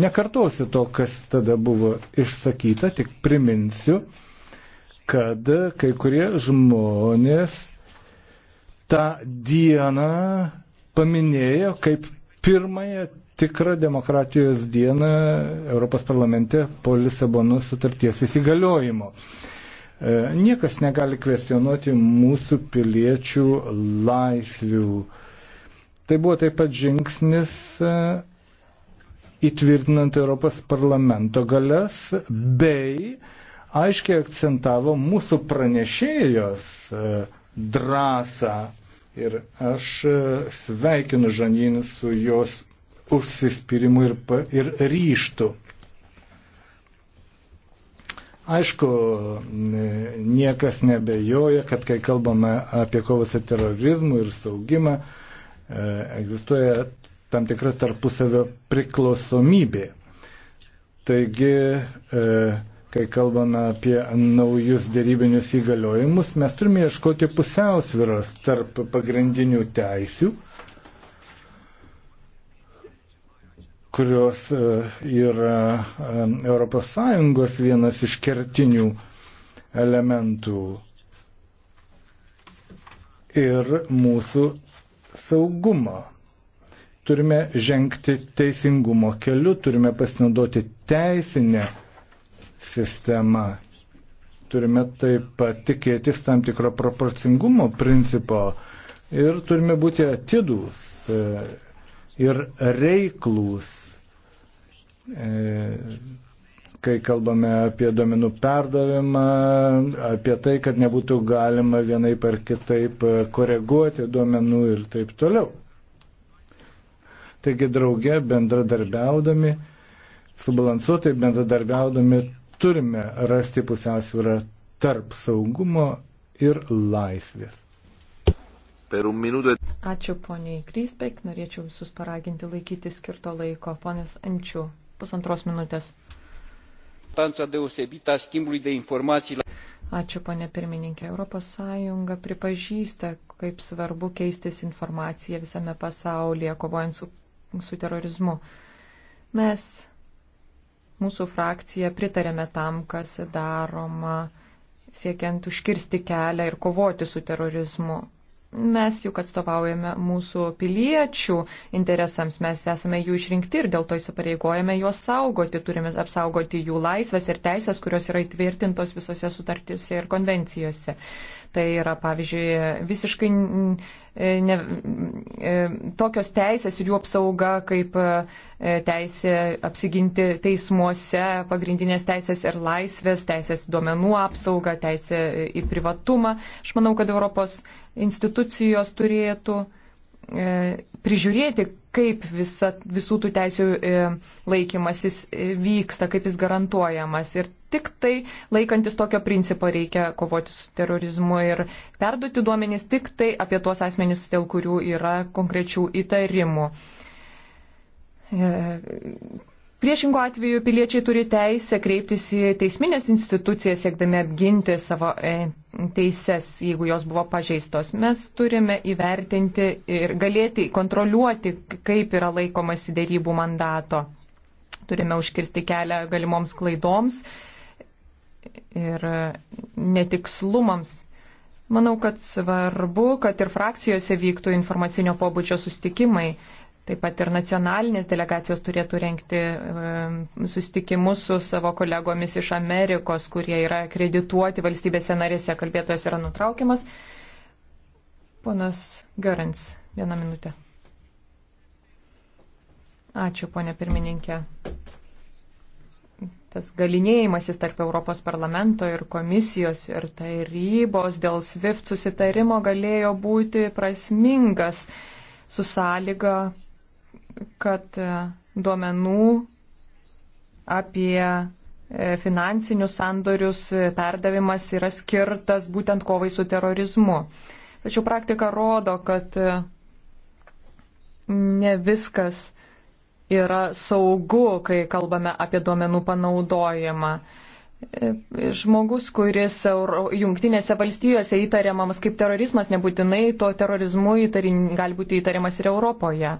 nekartosiu to, kas tada buvo išsakyta, tik priminsiu, kad kai kurie žmonės tą dieną paminėjo kaip pirmąją tikrą demokratijos dieną Europos parlamente po Lisabono sutarties įsigaliojimo. E, niekas negali kvestionuoti mūsų piliečių laisvių. Tai buvo taip pat žingsnis e, įtvirtinant Europos parlamento galias, bei aiškiai akcentavo mūsų pranešėjos e, drąsą Ir aš e, sveikinu Žanin su jos užsispyrimu ir, ir ryštu. Aišku, niekas nebejoja, kad kai kalbame apie kovą su terorizmu ir saugimą, e, egzistuoja tam tikra tarpusavio priklausomybė. Taigi, e, kai kalbame apie naujus dėrybinius įgaliojimus, mes turime ieškoti pusiausviros tarp pagrindinių teisių, kurios e, yra ES vienas iš kertinių elementų ir mūsų saugumą. Turime žengti teisingumo keliu, turime pasinaudoti teisinę sistema. Turime taip pat tikėtis tam tikro proporcingumo principo ir turime būti atidūs e, ir reiklūs e, kai kalbame apie duomenų perdavimą, apie tai, kad nebūtų galima vienai per kitaip e, koreguoti duomenų ir taip toliau. Taigi drauge bendradarbiaudami, subalansuotai bendradarbiaudami turime rasti pusiausvyrą tarp saugumo ir laisvės. E- Ačiū poniai Krysbek, norėčiau visus paraginti laikyti skirto laiko. Ponas Ančių, pusantros minutės. Ačiū ponė pirmininkė. Europos Sąjunga pripažįsta, kaip svarbu keistis informaciją visame pasaulyje, kovojant su, su terorizmu. Mes Mūsų frakcija pritarėme tam, kas daroma siekiant užkirsti kelią ir kovoti su terorizmu. Mes juk atstovaujame mūsų piliečių interesams, mes esame jų išrinkti ir dėl to įsipareigojame juos saugoti, turime apsaugoti jų laisvės ir teisės, kurios yra įtvirtintos visose sutartyse ir konvencijose. Tai yra, pavyzdžiui, visiškai e, ne, e, tokios teisės ir jų apsauga, kaip e, teisė apsiginti teismuose, pagrindinės teisės ir laisvės, teisės duomenų apsauga, teisė į privatumą. Aš manau, kad Europos institucijos turėtų e, prižiūrėti, kaip visa, visų tų teisių e, laikymasis e, vyksta, kaip jis garantuojamas. Ir tik tai laikantis tokio principo reikia kovoti su terorizmu ir perduoti duomenys tik tai apie tuos asmenys, dėl kurių yra konkrečių įtarimų. E, Priešingo atveju piliečiai turi teisę kreiptis į teisminės institucijas, siekdami apginti savo e, teises, jeigu jos buvo pažeistos. Mes turime įvertinti ir galėti kontroliuoti, kaip yra laikomasi dėrybų mandato. Turime užkirsti kelią galimoms klaidoms ir netikslumams. Manau, kad svarbu, kad ir frakcijose vyktų informacinio pobūdžio sustikimai Taip pat ir nacionalinės delegacijos turėtų renkti e, susitikimus su savo kolegomis iš Amerikos, kurie yra kredituoti valstybėse narėse. Kalbėtojas yra nutraukiamas. Ponas Görens, vieną minutę. Ačiū, ponė pirmininkė. Tas galinėjimasis tarp Europos parlamento ir komisijos ir tarybos dėl SWIFT susitarimo galėjo būti prasmingas su sąlyga, kad e, duomenų apie e, finansinius sandorius e, perdavimas yra skirtas būtent kovai su terorizmu. Tačiau praktika rodo, kad ne viskas yra saugu, kai kalbame apie duomenų panaudojimą. Žmogus, kuris Euro, jungtinėse valstijose įtariamamas kaip terorizmas, nebūtinai to terorizmu įtarin, gali būti įtariamas ir Europoje.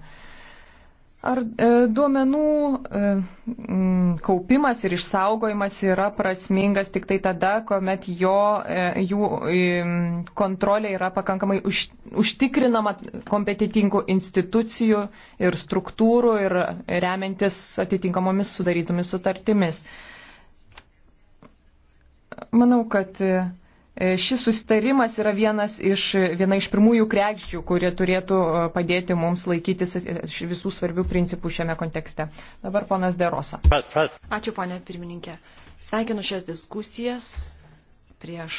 Ar e, duomenų e, m, kaupimas ir išsaugojimas yra prasmingas tik tai tada, kuomet jo, e, jų e, kontrolė yra pakankamai už, užtikrinama kompetitingų institucijų ir struktūrų ir remiantis atitinkamomis sudarytomis sutartimis? Manau, kad e, E, šis susitarimas yra vienas iš, viena iš pirmųjų krekščių, kurie turėtų e, padėti mums laikytis e, visų svarbių principų šiame kontekste. Dabar ponas Derosa. Ačiū, ponė pirmininkė. Sveikinu šias diskusijas prieš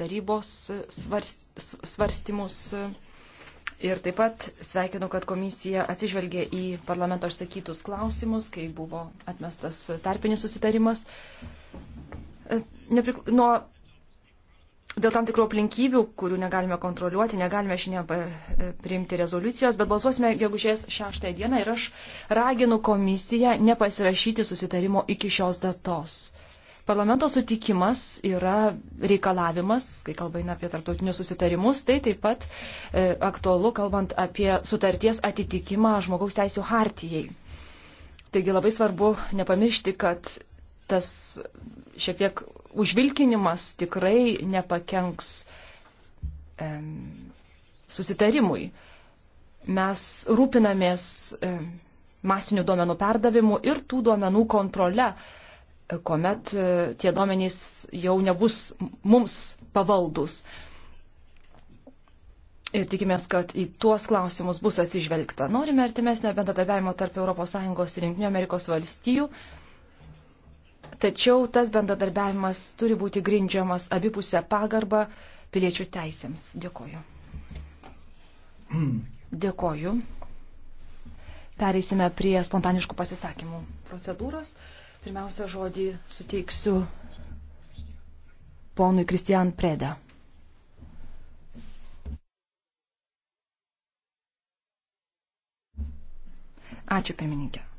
tarybos svarstymus. Ir taip pat sveikinu, kad komisija atsižvelgė į parlamento išsakytus klausimus, kai buvo atmestas tarpinis susitarimas. Neprik... Nuo dėl tam tikrų aplinkybių, kurių negalime kontroliuoti, negalime šiandien e, priimti rezoliucijos, bet balsuosime gegužės 6 dieną ir aš raginu komisiją nepasirašyti susitarimo iki šios datos. Parlamento sutikimas yra reikalavimas, kai kalba eina apie tarptautinius susitarimus, tai taip pat e, aktualu kalbant apie sutarties atitikimą žmogaus teisų hartijai. Taigi labai svarbu nepamiršti, kad tas šiek tiek užvilkinimas tikrai nepakenks susitarimui. Mes rūpinamės masinių duomenų perdavimu ir tų duomenų kontrole, e, kuomet e, tie duomenys jau nebus mums pavaldus. Ir tikimės, kad į tuos klausimus bus atsižvelgta. Norime artimesnio bendradarbiavimo tarp ES ir JAV Tačiau tas bendradarbiavimas turi būti grindžiamas abipusę pagarbą piliečių teisėms. Dėkoju. Dėkoju. Pereisime prie spontaniškų pasisakymų procedūros. Pirmiausia, žodį suteiksiu ponui Kristijan Preda. Ačiū, pirmininkė.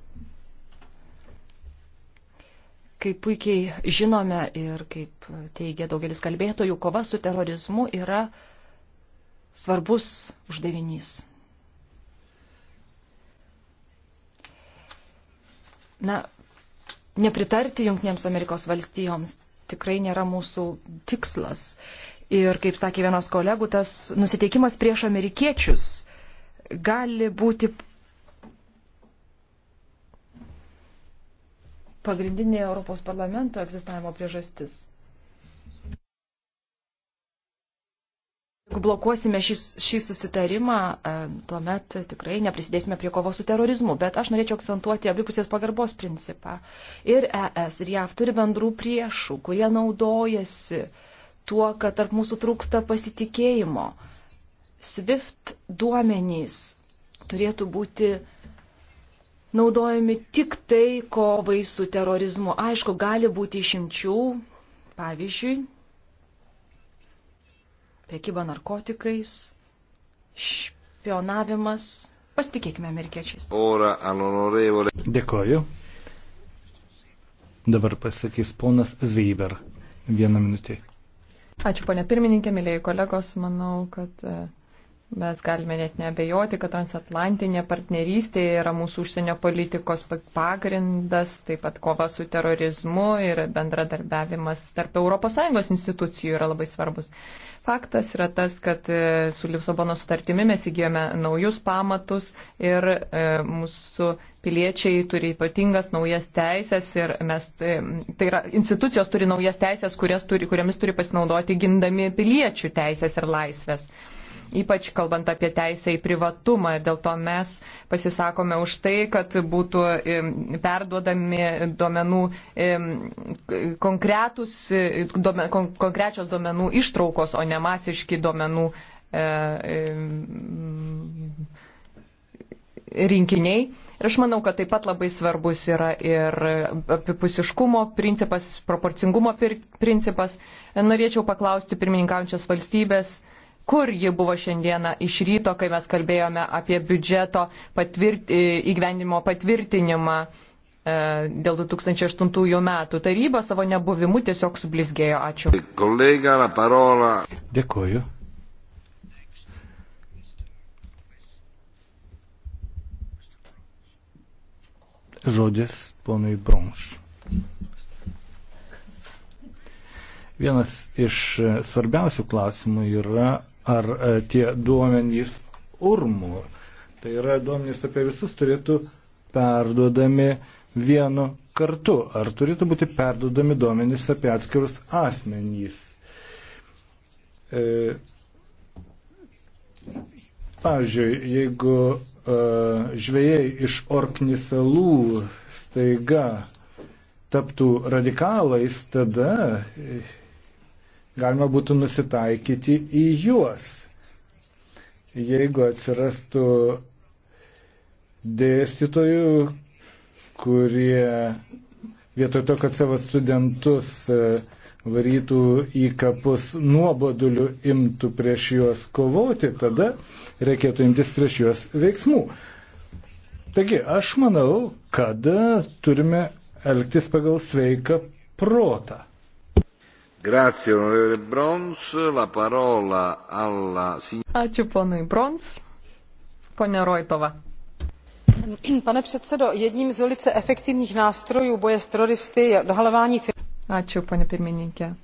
Kaip puikiai žinome ir kaip teigia daugelis kalbėtojų, kova su terorizmu yra svarbus uždavinys. Na, nepritarti Junktinėms Amerikos valstijoms tikrai nėra mūsų tikslas. Ir, kaip sakė vienas kolegų, tas nusiteikimas prieš amerikiečius gali būti pagrindinė Europos parlamento egzistavimo priežastis. Jeigu blokuosime šį, šį susitarimą, e, tuomet tikrai neprisidėsime prie kovos su terorizmu, bet aš norėčiau akcentuoti abipusės pagarbos principą. Ir ES, ir JAV turi bendrų priešų, kurie naudojasi tuo, kad tarp mūsų trūksta pasitikėjimo. SWIFT duomenys turėtų būti naudojami tik tai kovai su terorizmu. Aišku, gali būti išimčių, pavyzdžiui, prekyba narkotikais, špionavimas. Pasitikėkime amerikiečiais. Dėkoju. Dabar pasakys ponas Zeiber. Vieną minutį. Ačiū, ponė pirmininkė, mėlyje kolegos. Manau, kad e, Mes galime net nebejoti, kad transatlantinė partnerystė yra mūsų užsienio politikos pagrindas, taip pat kova su terorizmu ir bendradarbiavimas tarp ES institucijų yra labai svarbus. Faktas yra tas, kad e, su Lisabono sutartimi mes įgyjome naujus pamatus ir e, mūsų piliečiai turi ypatingas naujas teisės ir mes, e, tai yra, institucijos turi naujas teisės, turi, kuriamis turi pasinaudoti gindami piliečių teisės ir laisvės ypač kalbant apie teisę į privatumą. Dėl to mes pasisakome už tai, kad būtų perduodami duomenų konkretus, e, duomen, konkrečios duomenų ištraukos, o ne masiški duomenų e, rinkiniai. Ir aš manau, kad taip pat labai svarbus yra ir apipusiškumo principas, proporcingumo principas. Norėčiau paklausti pirmininkaujančios valstybės, kur ji buvo šiandieną iš ryto, kai mes kalbėjome apie biudžeto patvirt, e, įgyvendimo patvirtinimą e, dėl 2008 metų. Taryba savo nebuvimu tiesiog sublizgėjo. Ačiū. Kolega, la parola. Dėkuoju. Žodis ponui Bronš. Vienas iš svarbiausių klausimų yra ar e, tie duomenys urmų, tai yra duomenys apie visus turėtų perduodami vienu kartu, ar turėtų būti perduodami duomenys apie atskirus asmenys. E, Pavyzdžiui, jeigu uh, žvėjai iš orknisalų staiga taptų radikalais, tada galima būtų nusitaikyti į juos. Jeigu atsirastų dėstytojų, kurie vietoj to, kad savo studentus e, varytų į kapus nuoboduliu, imtų prieš juos kovoti, tada reikėtų imtis prieš juos veiksmų. Taigi, aš manau, kad turime elgtis pagal sveiką protą. Grazie, onorevole Brons. La parola alla Ačiū ponui Brons. Pone Roitova. Pane předsedo, jedním z velice efektivních nástrojů boje s teroristy je dohalování Ačiū, pane pirmininkė.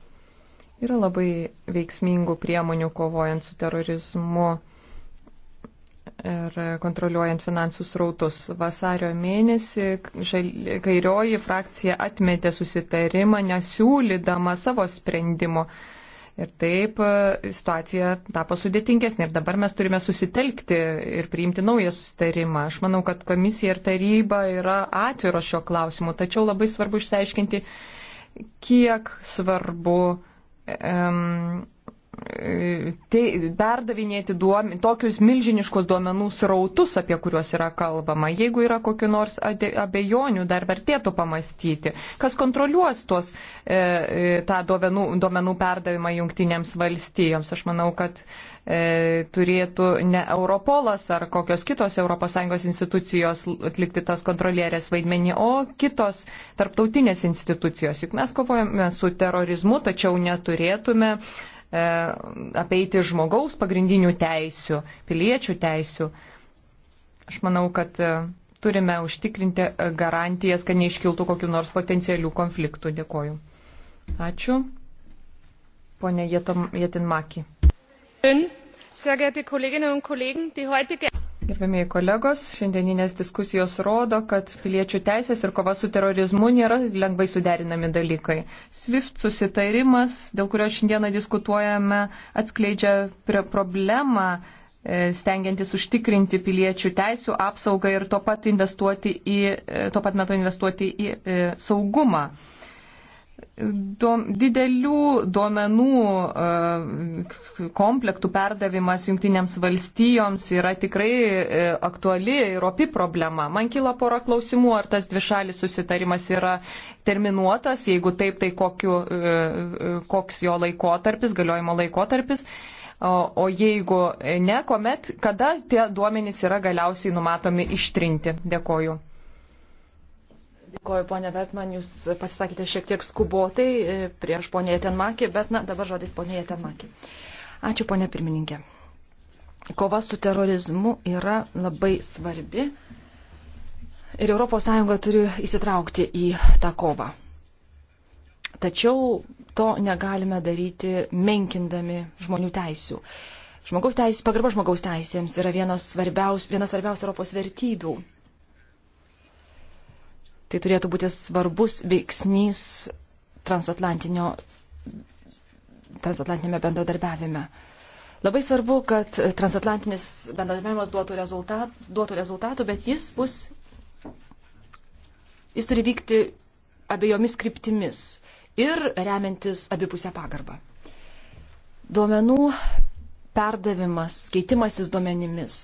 Yra labai veiksmingų priemonių kovojant su terorizmu ir kontroliuojant finansų srautus. Vasario mėnesį kairioji frakcija atmetė susitarimą, nesiūlydama savo sprendimo. Ir taip e, situacija tapo sudėtingesnė ir dabar mes turime susitelkti ir priimti naują susitarimą. Aš manau, kad komisija ir taryba yra atviro šio klausimu, tačiau labai svarbu išsiaiškinti, kiek svarbu um, te, perdavinėti duomen, tokius milžiniškus duomenų srautus, apie kuriuos yra kalbama. Jeigu yra kokiu nors abejonių, dar vertėtų pamastyti, kas kontroliuos tuos, e, e, tą duomenų, duomenų perdavimą jungtinėms valstijoms. Aš manau, kad e, turėtų ne Europolas ar kokios kitos ES institucijos atlikti tas kontrolierės vaidmenį, o kitos tarptautinės institucijos. Juk mes kovojame su terorizmu, tačiau neturėtume E, apeiti žmogaus pagrindinių teisių, piliečių teisių. Aš manau, kad e, turime užtikrinti e, garantijas, kad neiškiltų kokiu nors potencialių konfliktų. Dėkoju. Ačiū. Pone Jetinmaki. Sehr geehrte Kolleginnen und Kollegen, die heutige Gerbėmiai kolegos, šiandieninės diskusijos rodo, kad piliečių teisės ir kova su terorizmu nėra lengvai suderinami dalykai. SWIFT susitarimas, dėl kurio šiandieną diskutuojame, atskleidžia problemą e, stengiantis užtikrinti piliečių teisų apsaugą ir tuo pat, investuoti į, e, tuo pat metu investuoti į e, saugumą duom, didelių duomenų e, komplektų perdavimas jungtinėms valstijoms yra tikrai e, aktuali ir opi problema. Man kila pora klausimų, ar tas dvišalis susitarimas yra terminuotas, jeigu taip, tai kokiu, e, koks jo laikotarpis, galiojimo laikotarpis. O jeigu ne, kuomet, kada tie duomenys yra galiausiai numatomi ištrinti? Dėkoju. Dėkoju, ponė Vertman, jūs pasisakėte šiek tiek skubotai e, prieš ponė Tenmakį, bet na, dabar žodis ponė Tenmakį. Ačiū, ponė pirmininkė. Kova su terorizmu yra labai svarbi ir ES turi įsitraukti į tą kovą. Tačiau to negalime daryti menkindami žmonių teisių. Žmogaus teisės, pagarba žmogaus teisėms yra vienas svarbiausių, vienas svarbiausių Europos vertybių Tai turėtų būti svarbus veiksnys transatlantinio, transatlantinėme bendradarbiavime. Labai svarbu, kad transatlantinis bendradarbiavimas duotų, rezultat, duotų rezultatų, bet jis bus, jis turi vykti abiejomis kryptimis ir remiantis abipusę pagarbą. Duomenų perdavimas, keitimasis duomenimis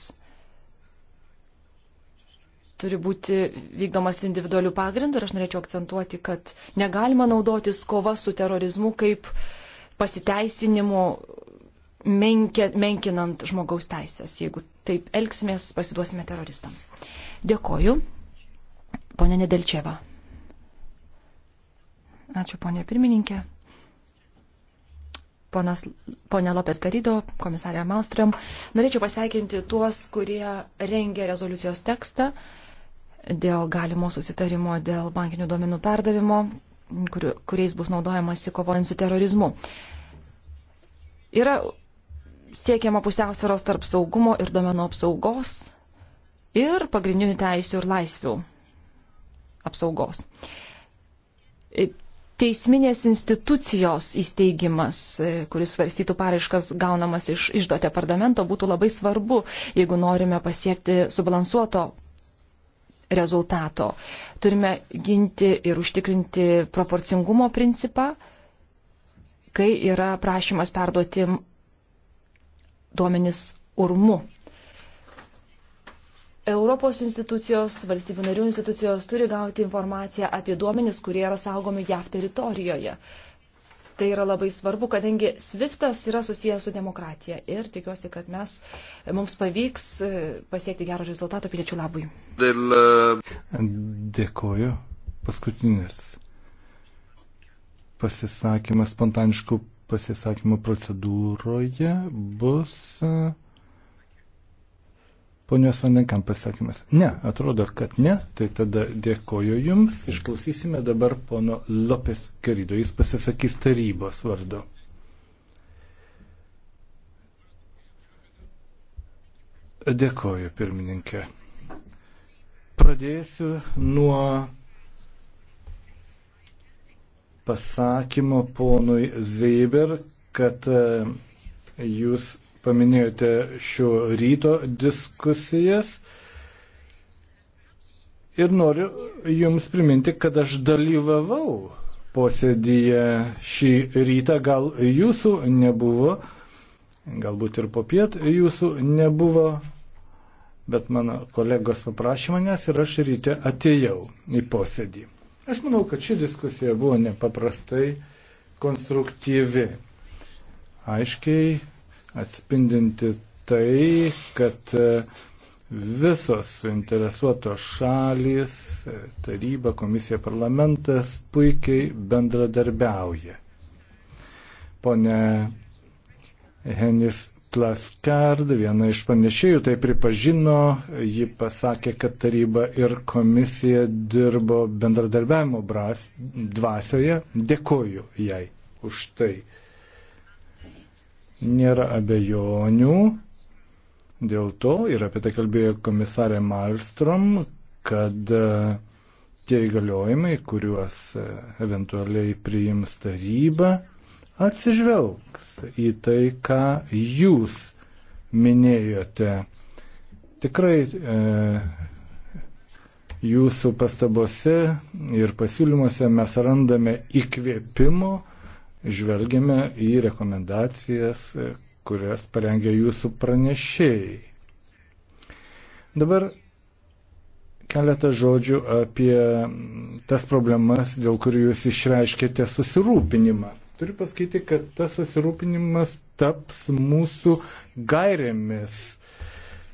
turi būti vykdomas individualių pagrindų ir aš norėčiau akcentuoti, kad negalima naudotis kova su terorizmu kaip pasiteisinimu menkia, menkinant žmogaus teisės. Jeigu taip elgsimės, pasiduosime teroristams. Dėkoju. Pone Nedelčeva. Ačiū, ponė pirmininkė. Ponas, ponė Lopės Garido, komisarė Malstrom, norėčiau pasveikinti tuos, kurie rengia rezoliucijos tekstą. Uh, dėl galimo susitarimo dėl bankinių duomenų perdavimo, kuriu, kuriais bus naudojamasi kovojant su terorizmu. Yra siekiama pusiausvėros tarp saugumo ir duomenų apsaugos ir pagrindinių teisių ir laisvių apsaugos. E, teisminės institucijos įsteigimas, e, kuris svarstytų paraiškas gaunamas iš išduotė parlamento, būtų labai svarbu, jeigu norime pasiekti subalansuoto rezultato. Turime ginti ir užtikrinti proporcingumo principą, kai yra prašymas perduoti duomenis urmu. Europos institucijos, valstybių narių institucijos turi gauti informaciją apie duomenis, kurie yra saugomi JAV teritorijoje. Uh, Tai yra labai svarbu, kadangi SWIFTas yra susijęs su demokratija ir tikiuosi, kad mes, mums pavyks e, pasiekti gerą rezultatą piliečių labui. Dėl... E, Dėkoju. Paskutinis pasisakymas spontaniškų pasisakymų procedūroje bus e, Ponios Vandenkam pasakymas. Ne, atrodo, kad ne. Tai tada dėkoju Jums. Išklausysime dabar pono Lopes Kerido. Jis pasisakys tarybos vardu. Dėkoju, pirmininkė. Pradėsiu nuo pasakymo ponui Zeiber, kad e, jūs paminėjote šio ryto diskusijas. Ir noriu Jums priminti, kad aš dalyvavau posėdyje šį rytą, gal Jūsų nebuvo, galbūt ir popiet Jūsų nebuvo, bet mano kolegos paprašė manęs ir aš ryte atėjau į posėdį. Aš manau, kad ši diskusija buvo nepaprastai konstruktyvi. Aiškiai atspindinti tai, kad e, visos suinteresuotos šalys, e, taryba, komisija, parlamentas puikiai bendradarbiauja. Pone Henis Plaskard, viena iš panešėjų, tai pripažino, ji pasakė, kad taryba ir komisija dirbo bendradarbiavimo dvasioje. Dėkoju jai už tai. Nėra abejonių dėl to, ir apie tai kalbėjo komisarė Malstrom, kad e, tie įgaliojimai, kuriuos e, eventualiai priims taryba, atsižvelgs į tai, ką jūs minėjote. Tikrai e, jūsų pastabose ir pasiūlymuose mes randame įkvėpimo, žvelgiame į rekomendacijas, kurias parengė jūsų pranešėjai. Dabar keletą žodžių apie tas problemas, dėl kurių jūs išreiškėte susirūpinimą. Turiu pasakyti, kad tas susirūpinimas taps mūsų gairėmis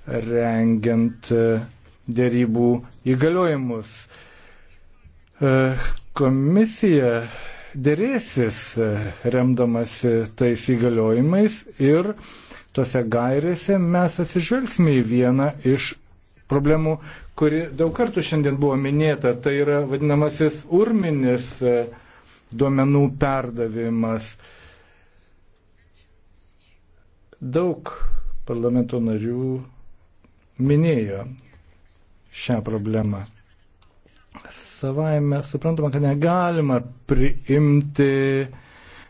rengiant e, dėrybų įgaliojimus. E, komisija dėrėsis e, remdamasi tais įgaliojimais ir tose gairėse mes atsižvelgsime į vieną iš problemų, kuri daug kartų šiandien buvo minėta, tai yra vadinamasis urminis e, duomenų perdavimas. Daug parlamento narių minėjo šią problemą savaime suprantama, kad negalima priimti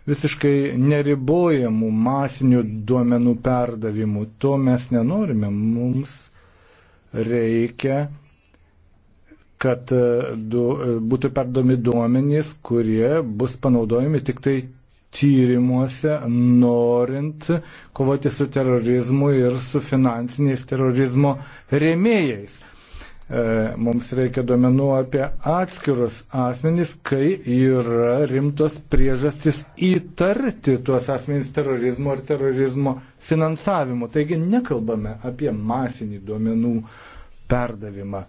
visiškai neribojamų masinių duomenų perdavimų. To mes nenorime. Mums reikia, kad e, du, e, būtų perdomi duomenys, kurie bus panaudojami tik tai tyrimuose, norint kovoti su terorizmu ir su finansiniais terorizmo rėmėjais. E, mums reikia duomenų apie atskirus asmenys, kai yra rimtos priežastys įtarti tuos asmenys terorizmo ar terorizmo finansavimu. Taigi nekalbame apie masinį duomenų perdavimą.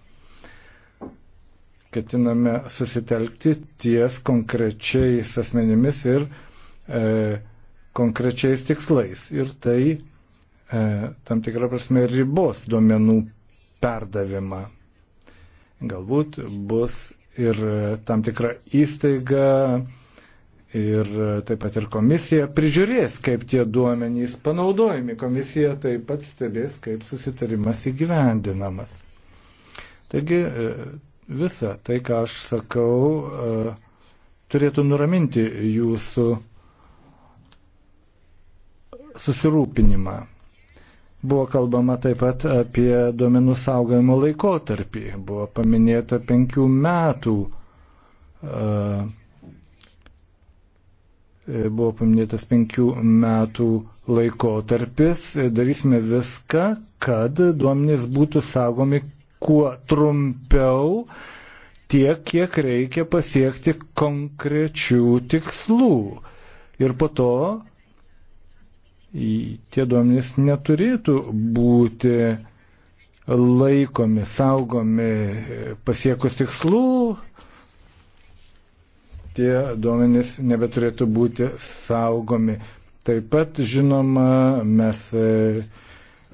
Ketiname susitelkti ties konkrečiais asmenimis ir e, konkrečiais tikslais. Ir tai e, tam tikrą prasme ribos duomenų perdavimą. Galbūt bus ir tam tikra įstaiga, ir taip pat ir komisija prižiūrės, kaip tie duomenys panaudojami. Komisija taip pat stebės, kaip susitarimas įgyvendinamas. Taigi e, visa tai, ką aš sakau, e, turėtų nuraminti jūsų susirūpinimą. Buvo kalbama taip pat apie duomenų saugojimo laikotarpį. Buvo paminėta penkių metų. E, buvo paminėtas penkių metų laikotarpis. Darysime viską, kad duomenys būtų saugomi kuo trumpiau, tiek, kiek reikia pasiekti konkrečių tikslų. Ir po to tie duomenys neturėtų būti laikomi, saugomi pasiekus tikslų, tie duomenys nebeturėtų būti saugomi. Taip pat, žinoma, mes e,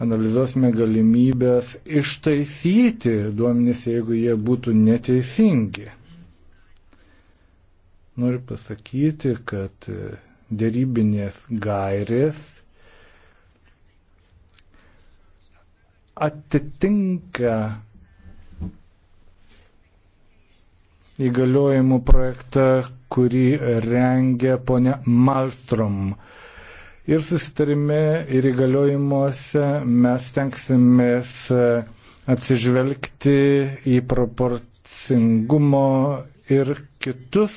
analizuosime galimybės ištaisyti duomenys, jeigu jie būtų neteisingi. Noriu pasakyti, kad e, dėrybinės gairės atitinka įgaliojimų projektą, kurį rengia ponia Malstrom. Ir susitarime ir įgaliojimuose mes tenksimės atsižvelgti į proporcingumo ir kitus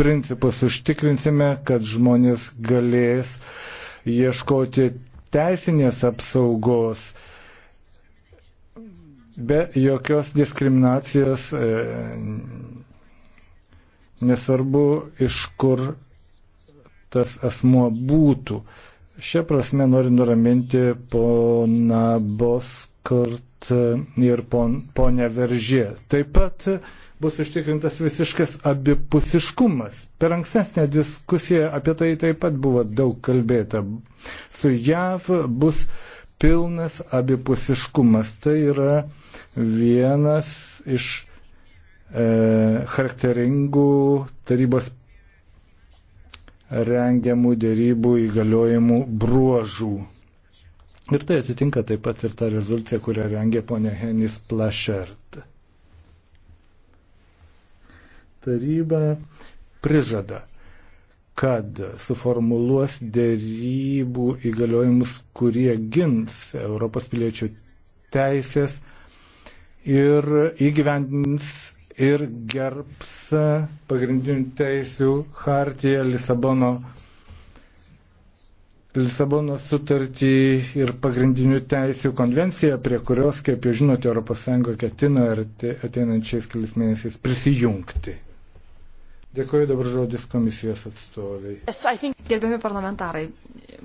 principus. Užtikrinsime, kad žmonės galės ieškoti teisinės apsaugos be jokios diskriminacijos, e, nesvarbu iš kur tas asmuo būtų. Šią prasme noriu nuraminti poną Boskart ir pon, ponę Veržė. Taip pat bus užtikrintas visiškas abipusiškumas. Per ankstesnę diskusiją apie tai taip pat buvo daug kalbėta. Su JAV bus pilnas abipusiškumas. Tai yra vienas iš e, charakteringų tarybos rengiamų dėrybų įgaliojimų bruožų. Ir tai atitinka taip pat ir tą rezoliuciją, kurią rengė ponė Henis Plašert. Taryba prižada, kad suformuluos dėrybų įgaliojimus, kurie gins Europos piliečių teisės, ir įgyvendins ir gerbs pagrindinių teisių hartiją Lisabono. Lisabono sutartį ir pagrindinių teisių konvenciją, prie kurios, kaip jau žinote, ES ketina ateinančiais kelias mėnesiais prisijungti. Dėkuoju dabar žodis komisijos atstoviai. Gerbiami parlamentarai,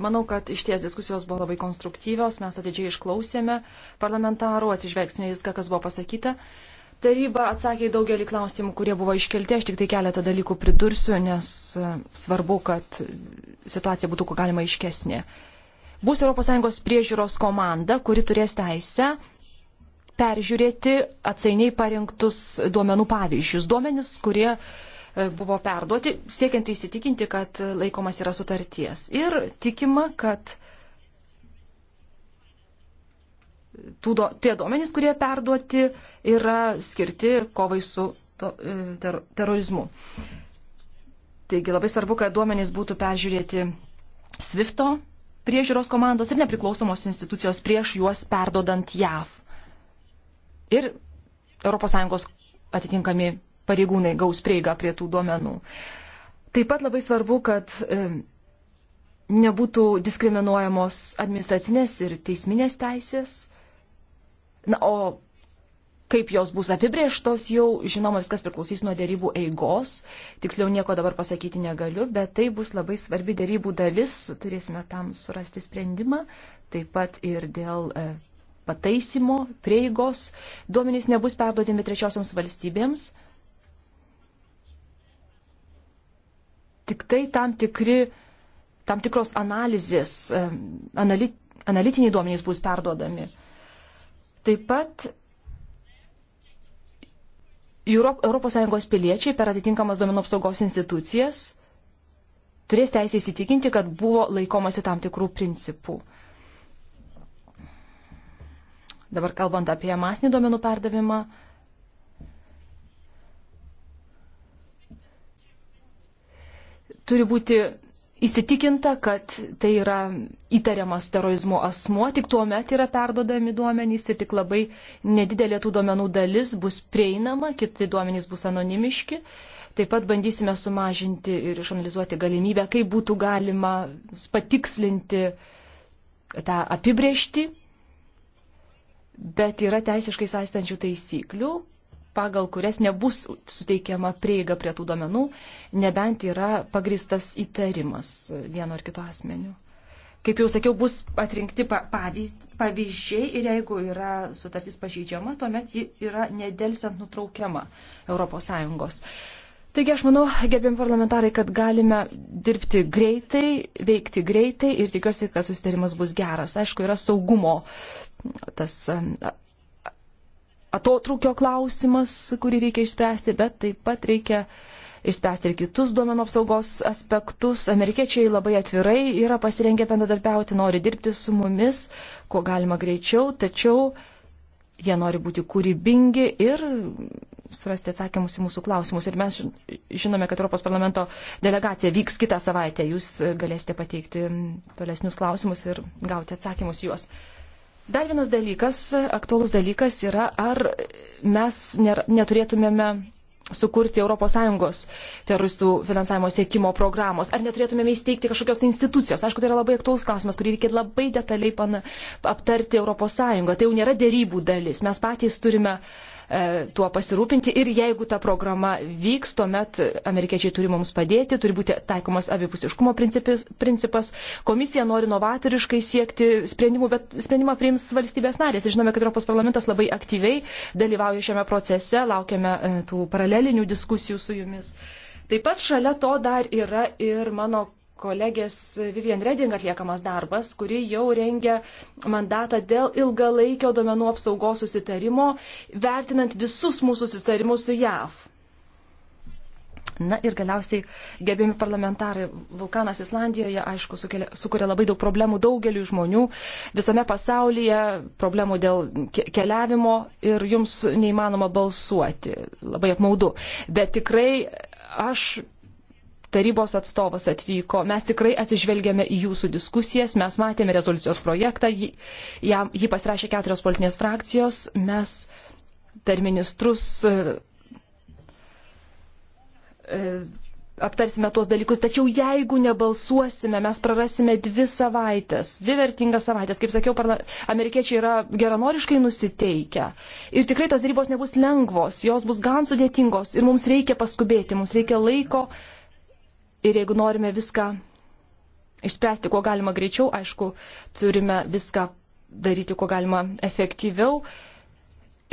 manau, kad iš ties diskusijos buvo labai konstruktyvios, mes atidžiai išklausėme parlamentarų, atsižvelgsime viską, kas buvo pasakyta. Taryba atsakė į daugelį klausimų, kurie buvo iškelti, aš tik tai keletą dalykų pridursiu, nes e, svarbu, kad situacija būtų kuo galima iškesnė. Bus ES priežiūros komanda, kuri turės teisę peržiūrėti atsainiai parinktus duomenų pavyzdžius, duomenis, kurie uh, E, buvo perduoti, siekiant įsitikinti, kad laikomas yra sutarties. Ir tikima, kad do, tie duomenys, kurie perduoti, yra skirti kovai su to, e, ter, terorizmu. Taigi labai svarbu, kad duomenys būtų peržiūrėti Svifto priežiūros komandos ir nepriklausomos institucijos prieš juos perdodant JAV. Ir ES atitinkami pareigūnai gaus prieigą prie tų duomenų. Taip pat labai svarbu, kad e, nebūtų diskriminuojamos administracinės ir teisminės teisės. Na, o kaip jos bus apibrieštos, jau žinoma, viskas priklausys nuo dėrybų eigos. Tiksliau nieko dabar pasakyti negaliu, bet tai bus labai svarbi dėrybų dalis, turėsime tam surasti sprendimą, taip pat ir dėl e, pataisimo, prieigos. Duomenys nebus perduodami trečiosioms valstybėms tik tai tam, tikri, tam tikros analizės, analit, analitiniai duomenys bus perduodami. Taip pat ES piliečiai per atitinkamas duomenų apsaugos institucijas turės teisę įsitikinti, kad buvo laikomasi tam tikrų principų. Dabar kalbant apie masinį duomenų perdavimą, turi būti įsitikinta, kad tai yra įtariamas terorizmo asmuo, tik tuo met yra perdodami duomenys ir tik labai nedidelė tų duomenų dalis bus prieinama, kiti duomenys bus anonimiški. Taip pat bandysime sumažinti ir išanalizuoti galimybę, kaip būtų galima patikslinti tą apibriežtį, bet yra teisiškai saistančių taisyklių, pagal kurias nebus suteikiama prieiga prie tų duomenų, nebent yra pagristas įtarimas vieno ar kito asmeniu. Kaip jau sakiau, bus atrinkti pavyzdžiai ir jeigu yra sutartis pažeidžiama, tuomet ji yra nedelsiant nutraukiama ES. Taigi aš manau, gerbiam parlamentarai, kad galime dirbti greitai, veikti greitai ir tikiuosi, kad susitarimas bus geras. Aišku, yra saugumo tas atotrukio klausimas, kurį reikia išspręsti, bet taip pat reikia išspręsti ir kitus duomenų apsaugos aspektus. Amerikiečiai labai atvirai yra pasirengę bendradarbiauti, nori dirbti su mumis, kuo galima greičiau, tačiau jie nori būti kūrybingi ir surasti atsakymus į mūsų klausimus. Ir mes žinome, kad Europos parlamento delegacija vyks kitą savaitę. Jūs galėsite pateikti tolesnius klausimus ir gauti atsakymus juos. Dar vienas dalykas, aktuolus dalykas yra, ar mes neturėtumėme sukurti ES teroristų finansavimo siekimo programos, ar neturėtumėme įsteigti kažkokios tai institucijos. Aišku, tai yra labai aktuolus klausimas, kurį reikia labai detaliai pana, aptarti ES. Tai jau nėra dėrybų dalis. Mes patys turime uh, E, tuo pasirūpinti ir jeigu ta programa vyks, tuomet amerikiečiai turi mums padėti, turi būti taikomas abipusiškumo principas. Komisija nori novatoriškai siekti sprendimų, bet sprendimą priims valstybės narės. Ir žinome, kad Europos parlamentas labai aktyviai dalyvauja šiame procese, laukiame e, tų paralelinių diskusijų su jumis. Taip pat šalia to dar yra ir mano kolegės Vivian Reding atliekamas darbas, kuri jau rengia mandatą dėl ilgalaikio duomenų apsaugos susitarimo, vertinant visus mūsų susitarimus su JAV. Na ir galiausiai, gerbėmi parlamentarai, vulkanas Islandijoje, aišku, sukelia, sukuria labai daug problemų daugeliu žmonių visame pasaulyje, problemų dėl keliavimo ir jums neįmanoma balsuoti. Labai apmaudu. Bet tikrai aš tarybos atstovas atvyko. Mes tikrai atsižvelgėme į jūsų diskusijas, mes matėme rezoliucijos projektą, jį, jam, jį pasirašė keturios politinės frakcijos, mes per ministrus e, e, aptarsime tuos dalykus, tačiau jeigu nebalsuosime, mes prarasime dvi savaitės, dvi vertingas savaitės. Kaip sakiau, parla... amerikiečiai yra geranoriškai nusiteikę ir tikrai tos darybos nebus lengvos, jos bus gan sudėtingos ir mums reikia paskubėti, mums reikia laiko, uh, Ir jeigu norime viską išspręsti, kuo galima greičiau, aišku, turime viską daryti, kuo galima efektyviau.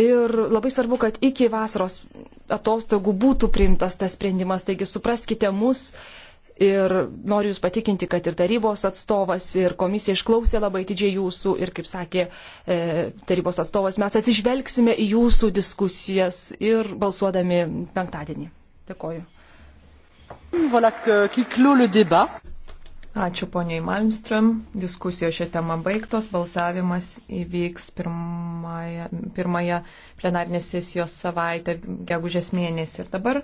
Ir labai svarbu, kad iki vasaros atostogų būtų priimtas tas sprendimas. Taigi supraskite mus ir noriu Jūs patikinti, kad ir tarybos atstovas, ir komisija išklausė labai didžiai Jūsų ir, kaip sakė e, tarybos atstovas, mes atsižvelgsime į Jūsų diskusijas ir balsuodami penktadienį. Dėkoju. Voilà qui clôt le débat. Ačiū poniai Malmström. Diskusijos šią temą baigtos. Balsavimas įvyks pirmąją, pirmąją plenarinės sesijos savaitę, gegužės mėnesį. Ir dabar